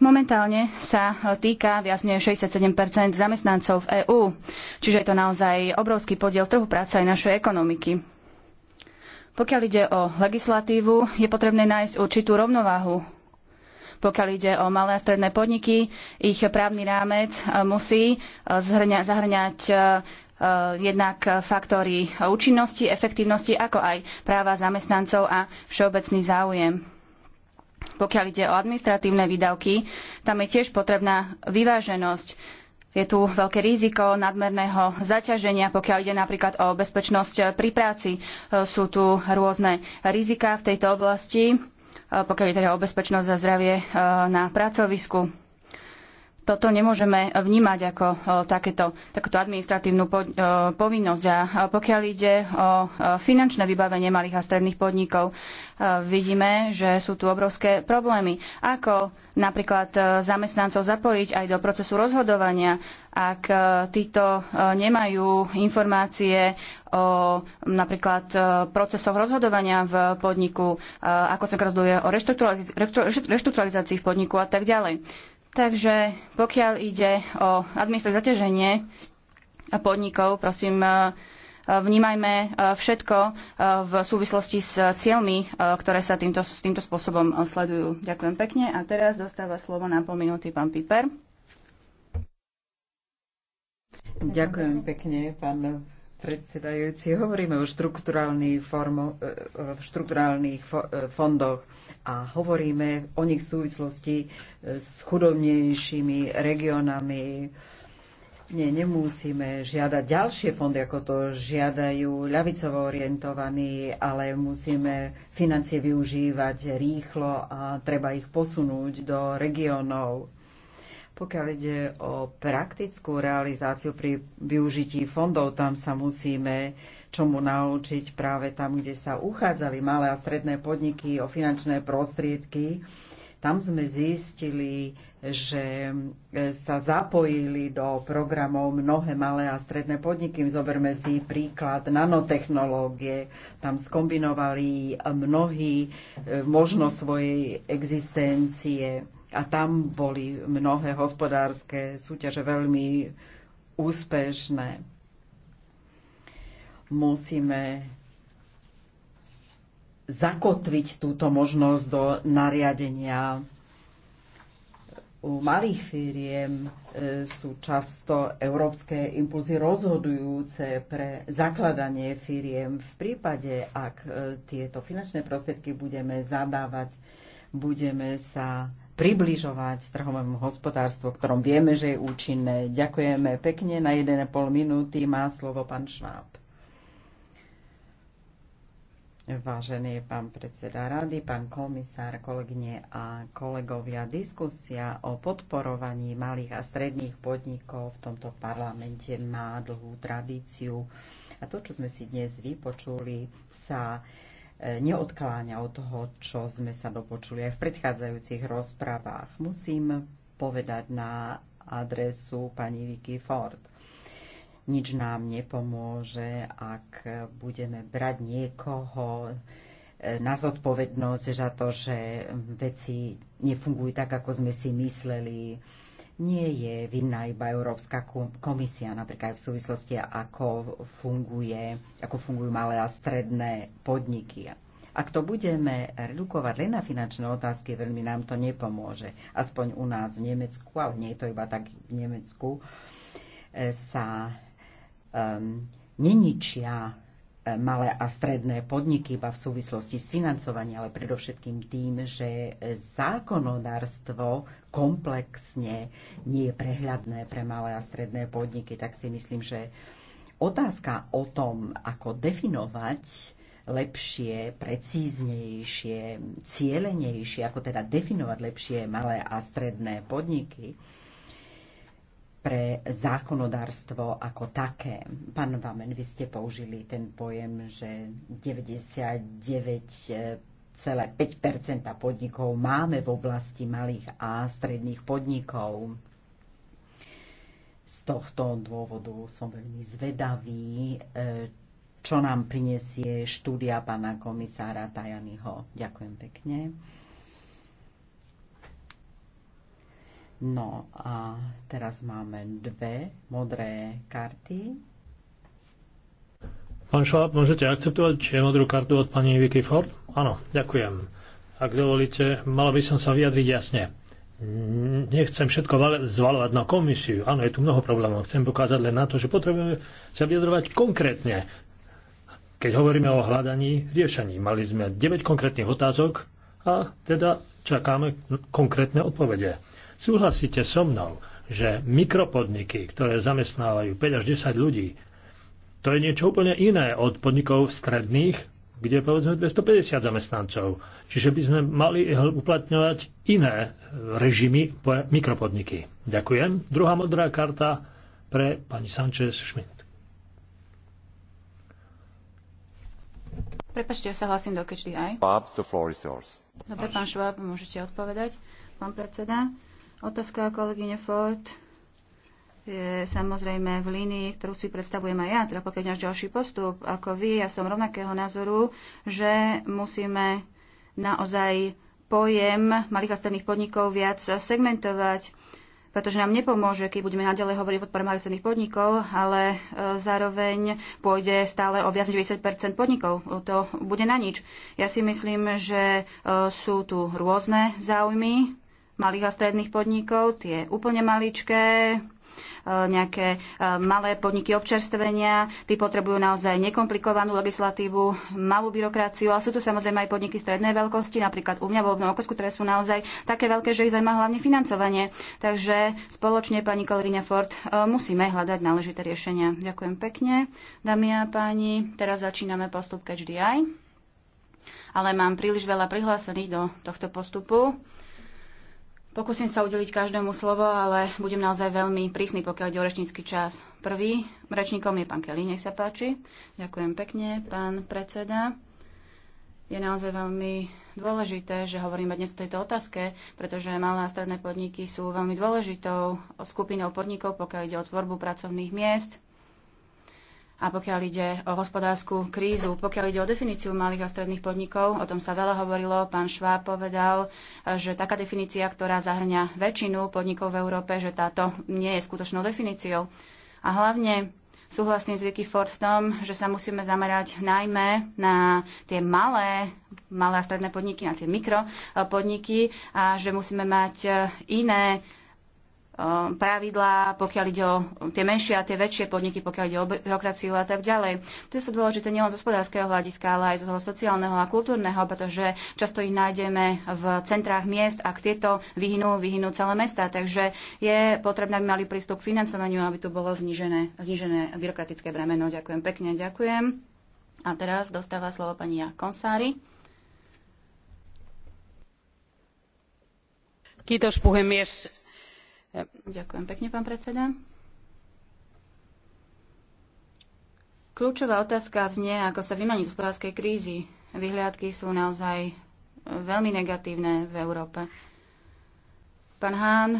Speaker 4: Momentálne sa týka viac než 67 zamestnancov v EÚ, čiže je to naozaj obrovský podiel trhu práce aj našej ekonomiky. Pokiaľ ide o legislatívu, je potrebné nájsť určitú rovnováhu pokiaľ ide o malé a stredné podniky, ich právny rámec e, musí e, zahŕňať zahrňať e, jednak faktory účinnosti, efektívnosti, ako aj práva zamestnancov a všeobecný záujem. Pokiaľ ide o administratívne výdavky, tam je tiež potrebná vyváženosť. Je tu veľké riziko nadmerného zaťaženia, pokiaľ ide napríklad o bezpečnosť pri práci. Sú tu rôzne riziká v tejto oblasti pokiaľ je teda o bezpečnosť a zdravie eh, na pracovisku toto nemôžeme vnímať ako e, takéto, takúto administratívnu e, povinnosť. A pokiaľ ide o e, finančné vybavenie malých a stredných podnikov, vidíme, že sú tu obrovské problémy. Ako napríklad zamestnancov zapojiť aj do procesu rozhodovania, ak títo nemajú informácie o napríklad procesoch rozhodovania v podniku, ako sa rozhoduje o reštrukturalizácii v podniku a tak ďalej. Takže pokiaľ ide o administratívne zaťaženie podnikov, prosím, e, e, vnímajme e, všetko v súvislosti s cieľmi, ktoré sa týmto, týmto spôsobom sledujú. Ďakujem pekne a teraz dostáva slovo na pol minúty pán Piper. Ďakujem
Speaker 2: pekne, pán predsedajúci, hovoríme o štruktúrálnych, formo, e, štruktúrálnych e, fondoch a hovoríme o nich v súvislosti e, s chudobnejšími regionami. Nie, nemusíme žiadať ďalšie fondy, ako to žiadajú ľavicovo orientovaní, ale musíme financie využívať rýchlo a treba ich posunúť do regionov pokiaľ ide o praktickú realizáciu pri využití fondov, tam sa musíme čomu naučiť práve tam, kde sa uchádzali malé a stredné podniky o finančné prostriedky. Tam sme zistili, že e, sa zapojili do programov mnohé malé a stredné podniky. Zoberme si príklad nanotechnológie. Tam skombinovali mnohí e, možno svojej existencie a tam boli mnohé hospodárske súťaže veľmi úspešné. Musíme zakotviť túto možnosť do nariadenia. U malých firiem e, sú často európske impulzy rozhodujúce pre zakladanie firiem. V prípade, ak e, tieto finančné prostriedky budeme zadávať, budeme sa približovať trhovému hospodárstvu, ktorom vieme, že je účinné. Ďakujeme pekne. Na 1,5 minúty má slovo pán Šváb. Vážený pán predseda rady, pán komisár, kolegyne a kolegovia, diskusia o podporovaní malých a stredných podnikov v tomto parlamente má dlhú tradíciu. A to, čo sme si dnes vypočuli, sa neodkláňa od toho, čo sme sa dopočuli aj v predchádzajúcich rozprávach. Musím povedať na adresu pani Vicky Ford. Nič nám nepomôže, ak budeme brať niekoho eh, na zodpovednosť za to, že veci nefungujú tak, ako sme si mysleli, nie je vinná iba Európska komisia, napríklad aj v súvislosti, ako, funguje, ako fungujú malé a stredné podniky. Ak to budeme redukovať len na finančné otázky, veľmi nám to nepomôže. Aspoň u nás v Nemecku, ale nie je to iba tak v Nemecku, e, sa um, neničia E, malé a stredné podniky iba v súvislosti s financovaním, ale predovšetkým tým, že zákonodárstvo komplexne nie je prehľadné pre malé a stredné podniky, tak si myslím, že otázka o tom, ako definovať lepšie, precíznejšie, cielenejšie, ako teda definovať lepšie malé a stredné podniky, pre zákonodárstvo ako také. Pán Vamen, vy ste použili ten pojem, že 99,5 podnikov máme v oblasti malých a stredných podnikov. Z tohto dôvodu som veľmi zvedavý, e, čo nám prinesie štúdia pána komisára Tajanyho. Ďakujem pekne. No a teraz máme dve modré karty.
Speaker 3: Pán Šváb, môžete akceptovať modrú kartu od pani Vicky Ford? Áno, ďakujem. Ak dovolíte, mala by som sa vyjadriť jasne. Nechcem všetko zvalovať na komisiu. Áno, je tu mnoho problémov. Chcem pokázať len na to, že potrebujeme sa vyjadrovať konkrétne. Keď hovoríme o hľadaní riešení, mali sme 9 konkrétnych otázok a teda čakáme konkrétne odpovede. Súhlasíte so mnou, že mikropodniky, ktoré zamestnávajú 5 až 10 ľudí, to je niečo úplne iné od podnikov stredných, kde povedzme 250 zamestnancov. Čiže by sme mali uplatňovať iné režimy pre mikropodniky. Ďakujem. Druhá modrá karta pre pani Sanchez Schmidt.
Speaker 4: Prepačte, ja sa hlasím do kečdy aj. Dobre, pán Šváb, môžete odpovedať, pán predseda. Otázka kolegyne Ford je samozrejme v línii, ktorú si predstavujem aj ja, teda pokiaľ náš ďalší postup, ako vy, ja som rovnakého názoru, že musíme naozaj pojem malých a stredných podnikov viac segmentovať, pretože nám nepomôže, keď budeme naďalej hovoriť o podpore malých stredných podnikov, ale e, zároveň pôjde stále o viac 90 podnikov. To bude na nič. Ja si myslím, že e, sú tu rôzne záujmy malých a stredných podnikov, tie úplne maličké, e, nejaké e, malé podniky občerstvenia, tí potrebujú naozaj nekomplikovanú legislatívu, malú byrokraciu, ale sú tu samozrejme aj podniky strednej veľkosti, napríklad u mňa vo Obnom okosku, ktoré sú naozaj také veľké, že ich zaujíma hlavne financovanie. Takže spoločne, pani kolegyňa Ford, e, musíme hľadať náležité riešenia. Ďakujem pekne, dámy a páni. Teraz začíname postup HDI. Ale mám príliš veľa prihlásených do tohto postupu. Pokúsim sa udeliť každému slovo, ale budem naozaj veľmi prísny, pokiaľ ide o rečnícky čas. Prvý rečníkom je pán Kelly, nech sa páči. Ďakujem pekne, pán predseda. Je naozaj veľmi dôležité, že hovoríme dnes o tejto otázke, pretože malé a stredné podniky sú veľmi dôležitou skupinou podnikov, pokiaľ ide o tvorbu pracovných miest, a pokiaľ ide o hospodárskú krízu, pokiaľ ide o definíciu malých a stredných podnikov, o tom sa veľa hovorilo, pán Švá povedal, že taká definícia, ktorá zahrňa väčšinu podnikov v Európe, že táto nie je skutočnou definíciou. A hlavne súhlasím s Vicky Ford v tom, že sa musíme zamerať najmä na tie malé, malé a stredné podniky, na tie mikropodniky a že musíme mať iné Um, pravidlá, pokiaľ ide o tie menšie a tie väčšie podniky, pokiaľ ide o byrokraciu a tak ďalej. To sú dôležité nielen z hospodárskeho hľadiska, ale aj zo sociálneho a kultúrneho, pretože často ich nájdeme v centrách miest, ak tieto vyhnú, vyhnú celé mesta. Takže je potrebné, aby mali prístup k financovaniu, aby tu bolo znižené, znižené byrokratické bremeno. Ďakujem pekne, ďakujem. A teraz dostáva slovo pani Konsári. Kiitos puhemies Ďakujem pekne, pán predseda. Kľúčová otázka znie, ako sa vymaniť z hospodárskej krízy. Vyhliadky sú naozaj veľmi negatívne v Európe. Pán Hán,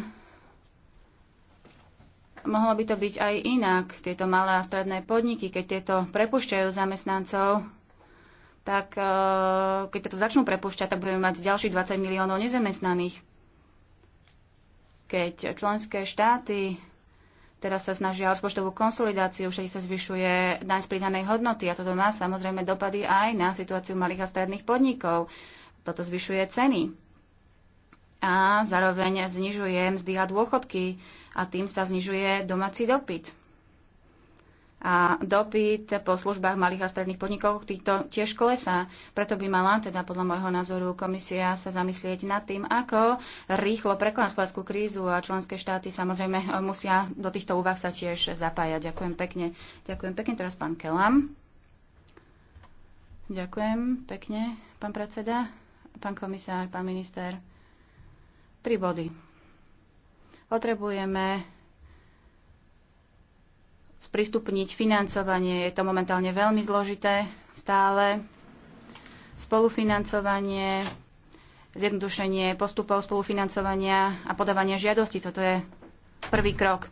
Speaker 4: mohlo by to byť aj inak. Tieto malé a stredné podniky, keď tieto prepušťajú zamestnancov, tak eh, keď to začnú prepušťať, tak budeme mať ďalších 20 miliónov nezamestnaných keď členské štáty teraz sa snažia o rozpočtovú konsolidáciu, všade sa zvyšuje daň z pridanej hodnoty a toto má samozrejme dopady aj na situáciu malých a stredných podnikov. Toto zvyšuje ceny a zároveň znižuje mzdy a dôchodky a tým sa znižuje domáci dopyt a dopyt po službách malých a stredných podnikov týchto tiež klesá. Preto by mala teda podľa môjho názoru komisia sa zamyslieť nad tým, ako rýchlo prekonať hospodárskú krízu a členské štáty samozrejme musia do týchto úvah sa tiež zapájať. Ďakujem pekne. Ďakujem pekne teraz pán Kelam. Ďakujem pekne, pán predseda, pán komisár, pán minister. Tri body. Potrebujeme sprístupniť financovanie. Je to momentálne veľmi zložité stále. Spolufinancovanie, zjednodušenie postupov spolufinancovania a podávanie žiadosti. Toto je prvý krok.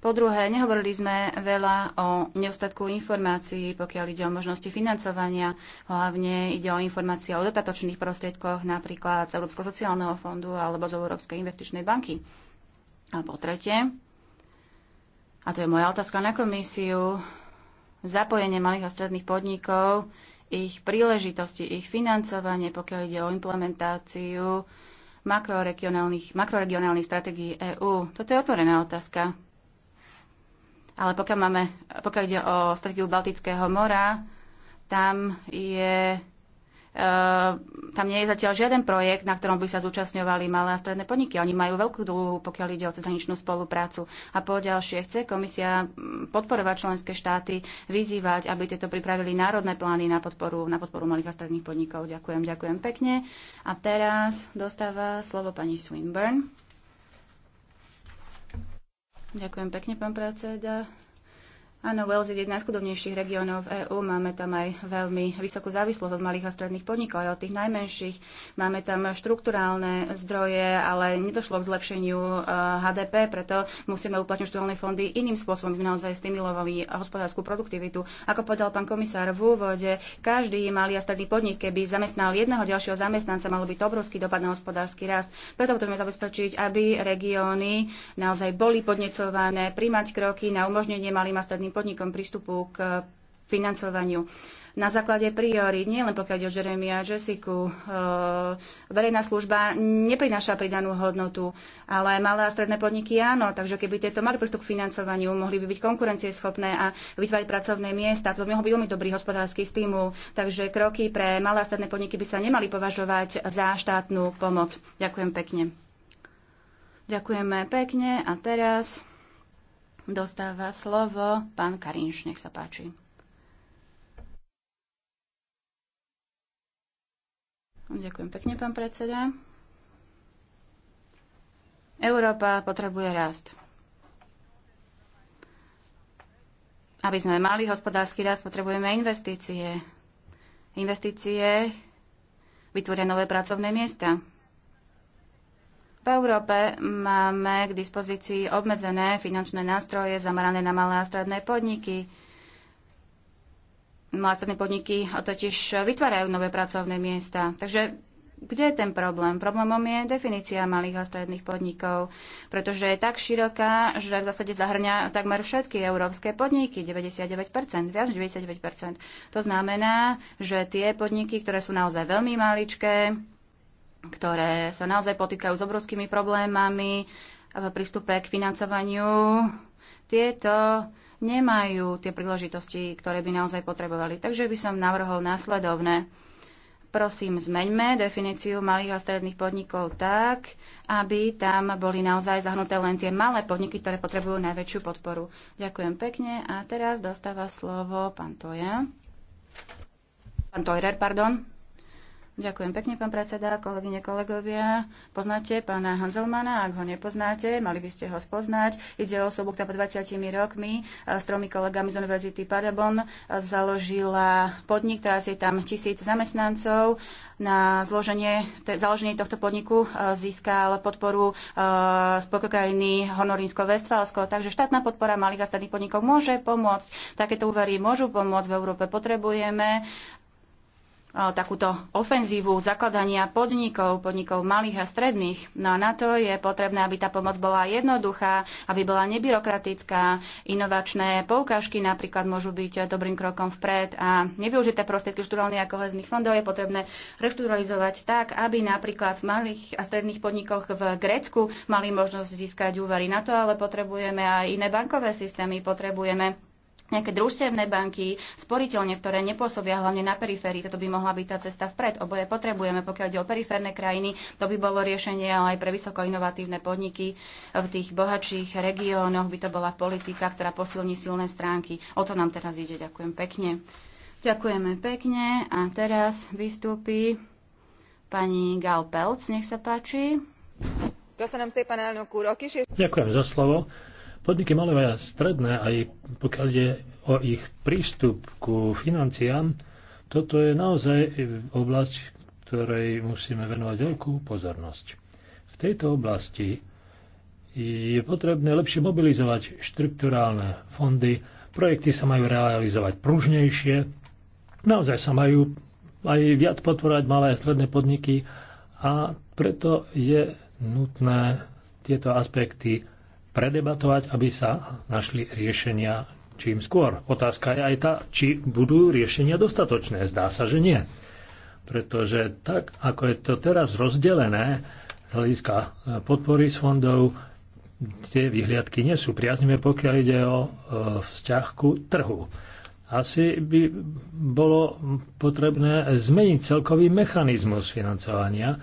Speaker 4: Po druhé, nehovorili sme veľa o nedostatku informácií, pokiaľ ide o možnosti financovania. Hlavne ide o informácie o dotatočných prostriedkoch, napríklad z Európskeho sociálneho fondu alebo z Európskej investičnej banky. A po tretie, a to je moja otázka na komisiu, zapojenie malých a stredných podnikov, ich príležitosti, ich financovanie, pokiaľ ide o implementáciu makroregionálnych, makroregionálnych stratégií EÚ. Toto je otvorená otázka. Ale pokiaľ, máme, pokiaľ ide o stratégiu Baltického mora, tam je tam nie je zatiaľ žiaden projekt, na ktorom by sa zúčastňovali malé a stredné podniky. Oni majú veľkú dlhu, pokiaľ ide o cezhraničnú spoluprácu. A po ďalšie chce komisia podporovať členské štáty, vyzývať, aby tieto pripravili národné plány na podporu, na podporu malých a stredných podnikov. Ďakujem, ďakujem pekne. A teraz dostáva slovo pani Swinburne. Ďakujem pekne, pán predseda. Áno, Wales je jeden z najchudobnejších regiónov v EÚ. Máme tam aj veľmi vysokú závislosť od malých a stredných podnikov, aj od tých najmenších. Máme tam štruktúrálne zdroje, ale nedošlo k zlepšeniu HDP, eh, preto musíme uplatňovať štruktúrálne fondy iným spôsobom, aby naozaj stimulovali hospodárskú produktivitu. Ako povedal pán komisár v úvode, každý malý a stredný podnik, keby zamestnal jedného ďalšieho zamestnanca, malo by to obrovský dopad na hospodársky rast. Preto potrebujeme zabezpečiť, aby regióny naozaj boli podnecované, príjmať kroky na umožnenie malým a stredným podnikom prístupu k financovaniu na základe priorít, nie len pokiaľ ide o Jeremy a Jessica, e, verejná služba neprináša pridanú hodnotu, ale malé a stredné podniky áno, takže keby tieto mali prístup k financovaniu, mohli by byť konkurencieschopné a vytvárať pracovné miesta. To by mohol byť veľmi dobrý hospodársky stimul, takže kroky pre malé a stredné podniky by sa nemali považovať za štátnu pomoc. Ďakujem pekne. Ďakujeme pekne a teraz Dostáva slovo pán Karinš, nech sa páči. Ďakujem pekne, pán predseda. Európa potrebuje rast. Aby sme mali hospodársky rast, potrebujeme investície. Investície vytvoria nové pracovné miesta. V Európe máme k dispozícii obmedzené finančné nástroje zamerané na malé a stredné podniky. Malé a stredné podniky totiž vytvárajú nové pracovné miesta. Takže kde je ten problém? Problémom je definícia malých a stredných podnikov, pretože je tak široká, že v zásade zahrňa takmer všetky európske podniky, 99%, viac 99%. To znamená, že tie podniky, ktoré sú naozaj veľmi maličké, ktoré sa naozaj potýkajú s obrovskými problémami v prístupe k financovaniu, tieto nemajú tie príležitosti, ktoré by naozaj potrebovali. Takže by som navrhol následovné. Prosím, zmeňme definíciu malých a stredných podnikov tak, aby tam boli naozaj zahnuté len tie malé podniky, ktoré potrebujú najväčšiu podporu. Ďakujem pekne a teraz dostáva slovo pán Toja. Pán Tojer, pardon. Ďakujem pekne, pán predseda, kolegyne, kolegovia. Poznáte pána Hanzelmana? Ak ho nepoznáte, mali by ste ho spoznať. Ide o osobu, ktorá po 20 rokmi eh, s tromi kolegami z Univerzity Paderborn eh, založila podnik, teraz je tam tisíc zamestnancov. Na zloženie, te, založenie tohto podniku eh, získal podporu z krajiny Honorínsko-Vestfalsko, takže štátna podpora malých a stredných podnikov môže pomôcť. Takéto úvery môžu pomôcť v Európe. Potrebujeme takúto ofenzívu zakladania podnikov, podnikov malých a stredných. No a na to je potrebné, aby tá pomoc bola jednoduchá, aby bola nebyrokratická. Inovačné poukážky napríklad môžu byť dobrým krokom vpred a nevyužité prostriedky štruktúrnych a kohezných fondov je potrebné reštrukturalizovať tak, aby napríklad v malých a stredných podnikoch v Grécku mali možnosť získať úvery. Na to ale potrebujeme aj iné bankové systémy, potrebujeme nejaké družstevné banky, sporiteľne, ktoré nepôsobia hlavne na periférii. Toto by mohla byť tá cesta vpred. Oboje potrebujeme, pokiaľ ide o periférne krajiny. To by bolo riešenie ale aj pre vysoko inovatívne podniky v tých bohatších regiónoch. By to bola politika, ktorá posilní silné stránky. O to nám teraz ide. Ďakujem pekne. Ďakujeme pekne. A teraz vystúpi pani Gal Pelc. Nech sa páči.
Speaker 3: Ďakujem za slovo. Podniky malé a stredné, aj pokiaľ ide o ich prístup ku financiám, toto je naozaj oblasť, ktorej musíme venovať veľkú pozornosť. V tejto oblasti je potrebné lepšie mobilizovať štrukturálne fondy, projekty sa majú realizovať pružnejšie, naozaj sa majú aj viac potvorať malé a stredné podniky a preto je nutné tieto aspekty predebatovať, aby sa našli riešenia čím skôr. Otázka je aj tá, či budú riešenia dostatočné. Zdá sa, že nie. Pretože tak, ako je to teraz rozdelené z hľadiska e, podpory z fondov, tie vyhliadky nie sú priaznivé, pokiaľ ide o e, vzťah ku trhu. Asi by bolo potrebné zmeniť celkový mechanizmus financovania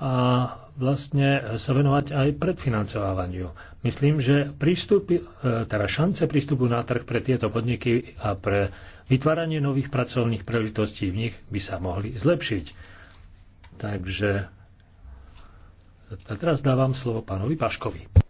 Speaker 3: a vlastne sa venovať aj predfinancovávaniu. Myslím, že prístup, e, teda šance prístupu na trh pre tieto podniky a pre vytváranie nových pracovných príležitostí v nich by sa mohli zlepšiť. Takže a teraz dávam slovo pánovi Paškovi.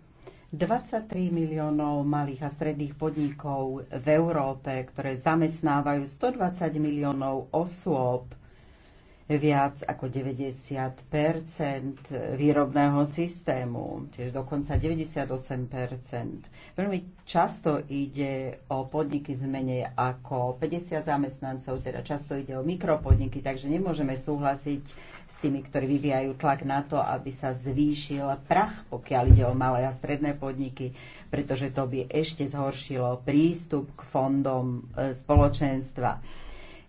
Speaker 2: 23 miliónov malých a stredných podnikov v Európe, ktoré zamestnávajú 120 miliónov osôb viac ako 90 výrobného systému, tiež dokonca 98 Veľmi často ide o podniky z menej ako 50 zamestnancov, teda často ide o mikropodniky, takže nemôžeme súhlasiť s tými, ktorí vyvíjajú tlak na to, aby sa zvýšil prach, pokiaľ ide o malé a stredné podniky, pretože to by ešte zhoršilo prístup k fondom e, spoločenstva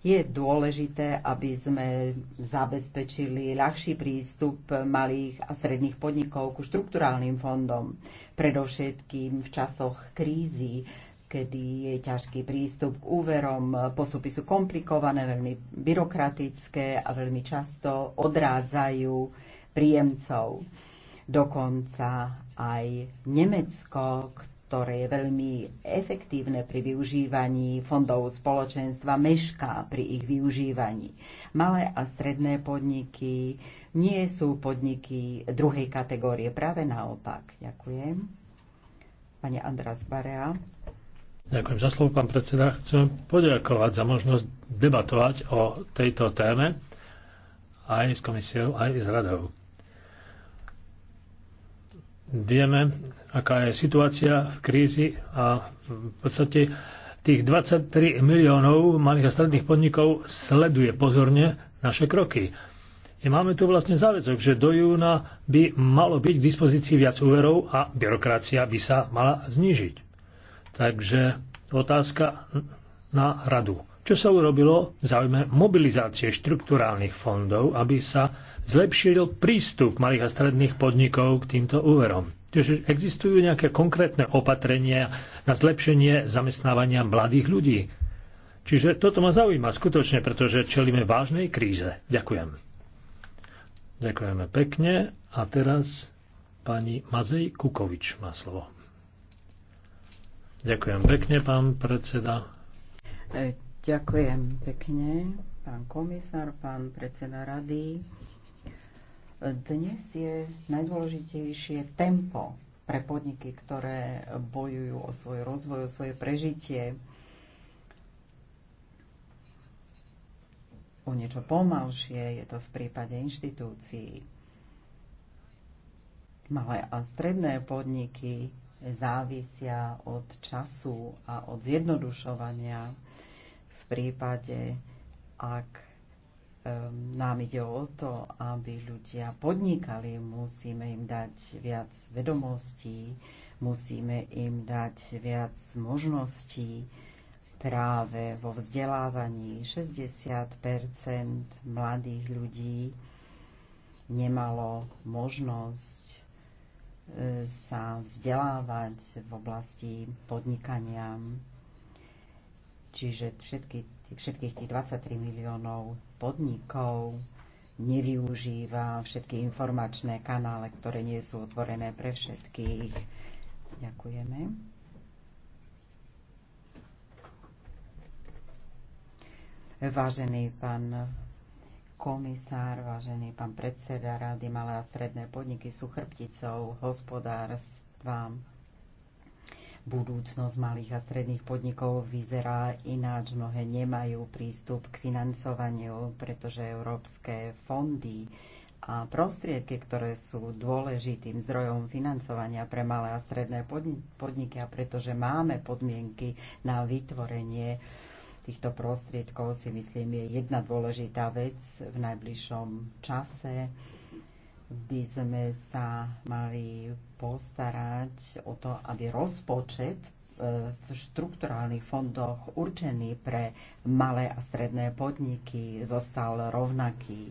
Speaker 2: je dôležité, aby sme zabezpečili ľahší prístup malých a stredných podnikov ku štrukturálnym fondom, predovšetkým v časoch krízy, kedy je ťažký prístup k úverom, postupy sú komplikované, veľmi byrokratické a veľmi často odrádzajú príjemcov. Dokonca aj Nemecko, ktoré je veľmi efektívne pri využívaní fondov spoločenstva, mešká pri ich využívaní. Malé a stredné podniky nie sú podniky druhej kategórie, práve naopak. Ďakujem. Pani Andras Barea.
Speaker 3: Ďakujem za slovo, pán predseda. Chcem poďakovať za možnosť debatovať o tejto téme aj s komisiou, aj s radou. Vieme, aká je situácia v krízi a v podstate tých 23 miliónov malých a stredných podnikov sleduje pozorne naše kroky. I máme tu vlastne záväzok, že do júna by malo byť k dispozícii viac úverov a byrokracia by sa mala znížiť. Takže otázka na radu. Čo sa urobilo v záujme mobilizácie štrukturálnych fondov, aby sa zlepšil prístup malých a stredných podnikov k týmto úverom. Čiže existujú nejaké konkrétne opatrenia na zlepšenie zamestnávania mladých ľudí. Čiže toto ma zaujíma skutočne, pretože čelíme vážnej kríze. Ďakujem. Ďakujeme pekne. A teraz pani Mazej Kukovič má slovo. Ďakujem pekne, pán predseda.
Speaker 2: E, ďakujem pekne, pán komisár, pán predseda rady. Dnes je najdôležitejšie tempo pre podniky, ktoré bojujú o svoj rozvoj, o svoje prežitie. O niečo pomalšie je to v prípade inštitúcií. Malé a stredné podniky závisia od času a od zjednodušovania v prípade, ak Ehm, nám ide o to, aby ľudia podnikali, musíme im dať viac vedomostí, musíme im dať viac možností práve vo vzdelávaní. 60 mladých ľudí nemalo možnosť e, sa vzdelávať v oblasti podnikania. Čiže všetky všetkých tých 23 miliónov podnikov nevyužíva všetky informačné kanále, ktoré nie sú otvorené pre všetkých. Ďakujeme. Vážený pán komisár, vážený pán predseda Rady, malé a stredné podniky sú chrbticou hospodárstva budúcnosť malých a stredných podnikov vyzerá ináč. Mnohé nemajú prístup k financovaniu, pretože európske fondy a prostriedky, ktoré sú dôležitým zdrojom financovania pre malé a stredné podniky a pretože máme podmienky na vytvorenie týchto prostriedkov, si myslím, je jedna dôležitá vec v najbližšom čase by sme sa mali postarať o to, aby rozpočet e, v štrukturálnych fondoch určený pre malé a stredné podniky zostal rovnaký.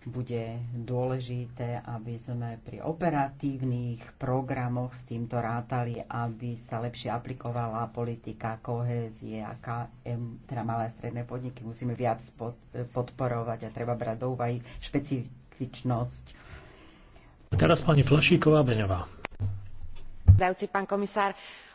Speaker 2: Bude dôležité, aby sme pri operatívnych programoch s týmto rátali, aby sa lepšie aplikovala politika kohézie a KM, teda malé a stredné podniky musíme viac podporovať a treba brať do úvahy špecifické špecifičnosť. Teraz pani Flašíková-Beňová.
Speaker 5: Pán komisár,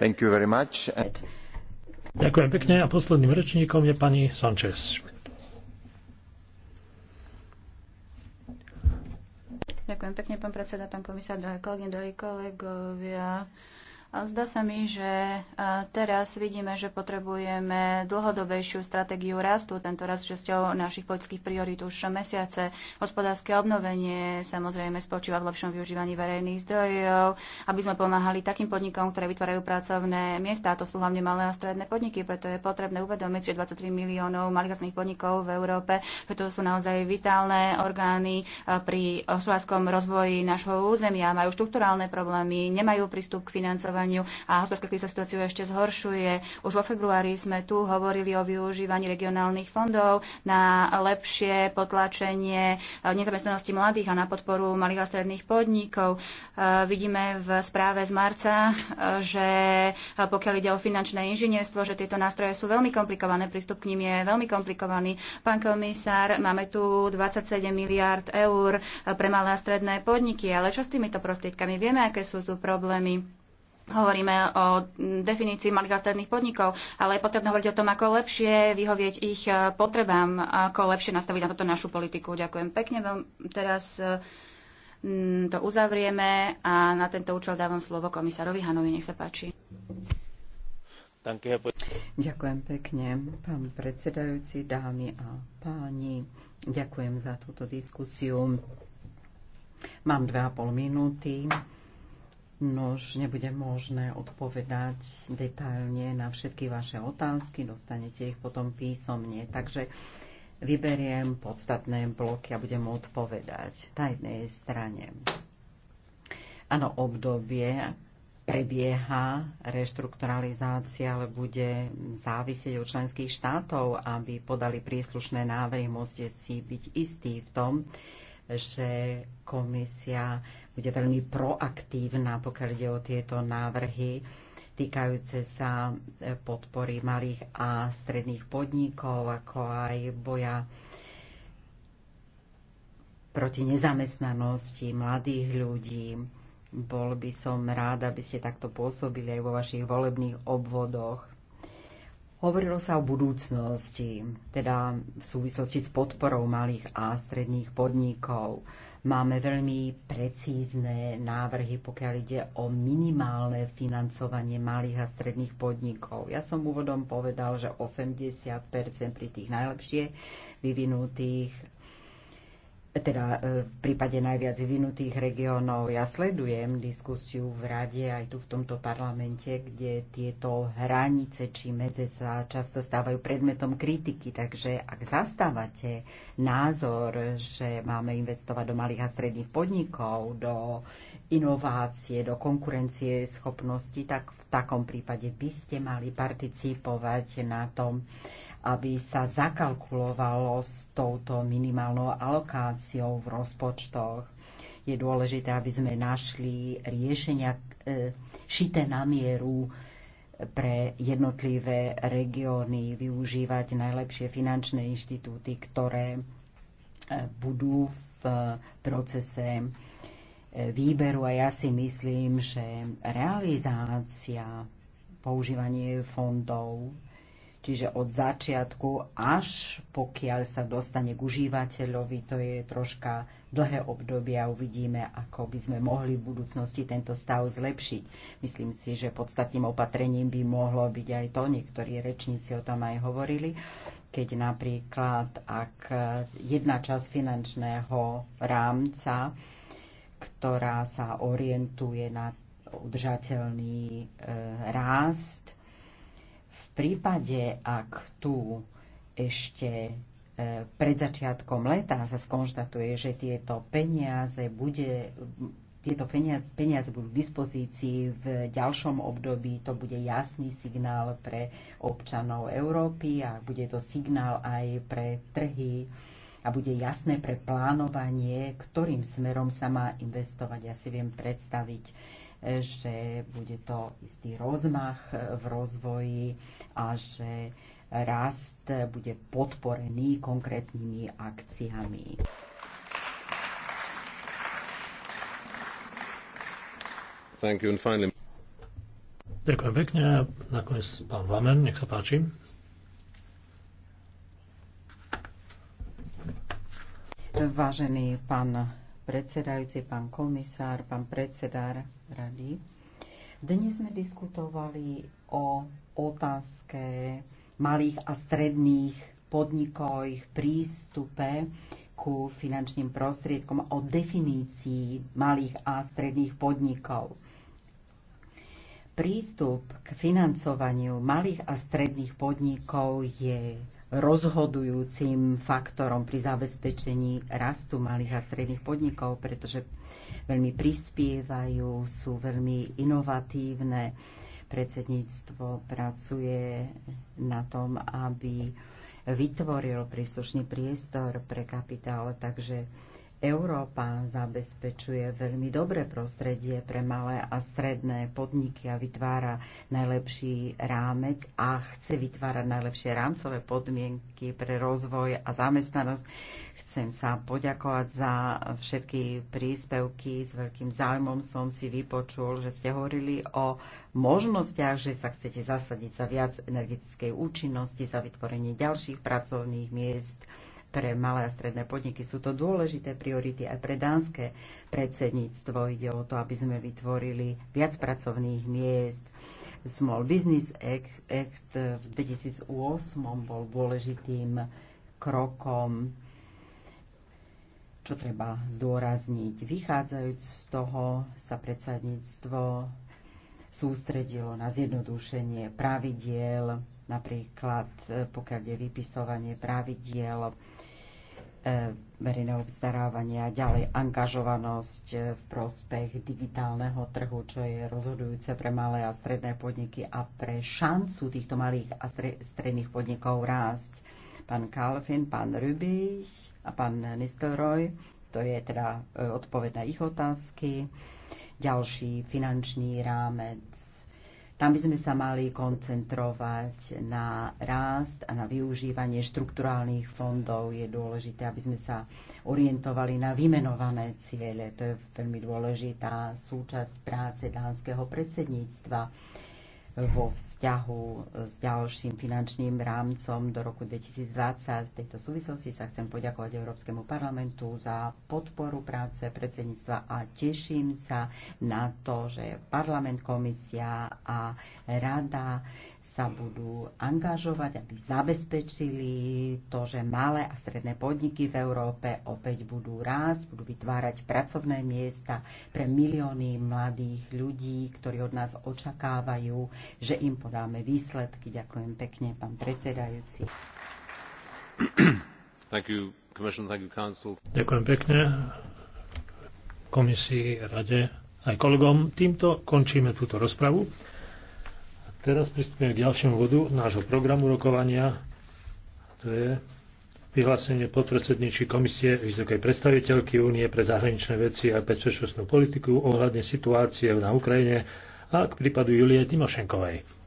Speaker 2: Thank you very much.
Speaker 3: Ďakujem pekne a posledným rečníkom je pani Sanchez.
Speaker 4: Ďakujem pekne, pán predseda, pán komisár, drahé kolegyne, drahí kolegovia. Zdá sa mi, že teraz vidíme, že potrebujeme dlhodobejšiu stratégiu rastu, tento raz časťou našich politických priorít už mesiace. Hospodárske obnovenie samozrejme spočíva v lepšom využívaní verejných zdrojov, aby sme pomáhali takým podnikom, ktoré vytvárajú pracovné miesta, a to sú hlavne malé a stredné podniky, preto je potrebné uvedomiť, že 23 miliónov malých podnikov v Európe, že to sú naozaj vitálne orgány pri hospodárskom rozvoji nášho územia, majú štrukturálne problémy, nemajú prístup k financovaniu vyjednávaniu a hospodárska kríza situáciu ešte zhoršuje. Už vo februári sme tu hovorili o využívaní regionálnych fondov na lepšie potlačenie eh, nezamestnanosti mladých a na podporu malých a stredných podnikov. Eh, vidíme v správe z marca, eh, že pokiaľ ide o finančné inžinierstvo, že tieto nástroje sú veľmi komplikované, prístup k nim je veľmi komplikovaný. Pán komisár, máme tu 27 miliard eur pre malé a stredné podniky, ale čo s týmito prostriedkami? Vieme, aké sú tu problémy Hovoríme o definícii malých a stredných podnikov, ale je potrebné hovoriť o tom, ako lepšie vyhovieť ich eh, potrebám, ako lepšie nastaviť na toto našu politiku. Ďakujem pekne. Teraz eh, mm, to uzavrieme a na tento účel dávam slovo komisárovi Hanovi. Nech sa páči.
Speaker 2: Ďakujem pekne, pán predsedajúci, dámy a páni. Ďakujem za túto diskusiu. Mám dve a pol minúty Nož nebude možné odpovedať detailne na všetky vaše otázky, dostanete ich potom písomne. Takže vyberiem podstatné bloky a budem odpovedať na jednej strane. Áno, obdobie prebieha reštrukturalizácia, ale bude závisieť od členských štátov, aby podali príslušné návrhy. Môžete si byť istí v tom, že komisia bude veľmi proaktívna, pokiaľ ide o tieto návrhy týkajúce sa e, podpory malých a stredných podnikov, ako aj boja proti nezamestnanosti mladých ľudí. Bol by som rád, aby ste takto pôsobili aj vo vašich volebných obvodoch. Hovorilo sa o budúcnosti, teda v súvislosti s podporou malých a stredných podnikov. Máme veľmi precízne návrhy, pokiaľ ide o minimálne financovanie malých a stredných podnikov. Ja som úvodom povedal, že 80 pri tých najlepšie vyvinutých teda e, v prípade najviac vyvinutých regiónov. Ja sledujem diskusiu v rade aj tu v tomto parlamente, kde tieto hranice či medze sa často stávajú predmetom kritiky. Takže ak zastávate názor, že máme investovať do malých a stredných podnikov, do inovácie, do konkurencie schopnosti, tak v takom prípade by ste mali participovať na tom, aby sa zakalkulovalo s touto minimálnou alokáciou v rozpočtoch. Je dôležité, aby sme našli riešenia e, šité na mieru pre jednotlivé regióny, využívať najlepšie finančné inštitúty, ktoré e, budú v e, procese výberu a ja si myslím, že realizácia, používanie fondov Čiže od začiatku až pokiaľ sa dostane k užívateľovi, to je troška dlhé obdobie a uvidíme, ako by sme mohli v budúcnosti tento stav zlepšiť. Myslím si, že podstatným opatrením by mohlo byť aj to, niektorí rečníci o tom aj hovorili, keď napríklad, ak jedna časť finančného rámca, ktorá sa orientuje na udržateľný e, rást, prípade, ak tu ešte e, pred začiatkom leta sa skonštatuje, že tieto peniaze bude tieto peniaze, peniaze budú k dispozícii v ďalšom období. To bude jasný signál pre občanov Európy a bude to signál aj pre trhy a bude jasné pre plánovanie, ktorým smerom sa má investovať. Ja si viem predstaviť že bude to istý rozmach v rozvoji a že rast bude podporený konkrétnymi akciami.
Speaker 1: Thank you and finally...
Speaker 3: Ďakujem pekne. Nakoniec pán Vlamen, nech sa páči.
Speaker 2: Vážený pán predsedajúci, pán komisár, pán predsedár rady. Dnes sme diskutovali o otázke malých a stredných podnikov, ich prístupe ku finančným prostriedkom, o definícii malých a stredných podnikov prístup k financovaniu malých a stredných podnikov je rozhodujúcim faktorom pri zabezpečení rastu malých a stredných podnikov, pretože veľmi prispievajú, sú veľmi inovatívne. Predsedníctvo pracuje na tom, aby vytvoril príslušný priestor pre kapitál, takže Európa zabezpečuje veľmi dobré prostredie pre malé a stredné podniky a vytvára najlepší rámec a chce vytvárať najlepšie rámcové podmienky pre rozvoj a zamestnanosť. Chcem sa poďakovať za všetky príspevky. S veľkým záujmom som si vypočul, že ste hovorili o možnostiach, že sa chcete zasadiť za viac energetickej účinnosti, za vytvorenie ďalších pracovných miest pre malé a stredné podniky. Sú to dôležité priority aj pre dánske predsedníctvo. Ide o to, aby sme vytvorili viac pracovných miest. Small Business Act, Act v 2008 bol dôležitým krokom čo treba zdôrazniť. Vychádzajúc z toho sa predsedníctvo sústredilo na zjednodušenie pravidiel napríklad e, pokiaľ je vypisovanie pravidiel e, verejného vzdarávania, ďalej angažovanosť e, v prospech digitálneho trhu, čo je rozhodujúce pre malé a stredné podniky a pre šancu týchto malých a stredných podnikov rásť. Pán Kalfin, pán Rubich a pán Nistelroj, to je teda odpoveď na ich otázky. Ďalší finančný rámec tam by sme sa mali koncentrovať na rást a na využívanie štrukturálnych fondov. Je dôležité, aby sme sa orientovali na vymenované ciele. To je veľmi dôležitá súčasť práce dánskeho predsedníctva vo vzťahu s ďalším finančným rámcom do roku 2020. V tejto súvislosti sa chcem poďakovať Európskemu parlamentu za podporu práce predsedníctva a teším sa na to, že parlament, komisia a rada sa budú angažovať, aby zabezpečili to, že malé a stredné podniky v Európe opäť budú rásť, budú vytvárať pracovné miesta pre milióny mladých ľudí, ktorí od nás očakávajú, že im podáme výsledky. Ďakujem pekne, pán predsedajúci.
Speaker 3: Thank you, thank you, council. Ďakujem pekne komisii, rade aj kolegom. Týmto končíme túto rozpravu. Teraz pristúpime k ďalšiemu vodu nášho programu rokovania. To je vyhlásenie podpredsedníčky Komisie Vysokej predstaviteľky Únie pre zahraničné veci a bezpečnostnú politiku ohľadne situácie na Ukrajine a k prípadu Julie Timošenkovej.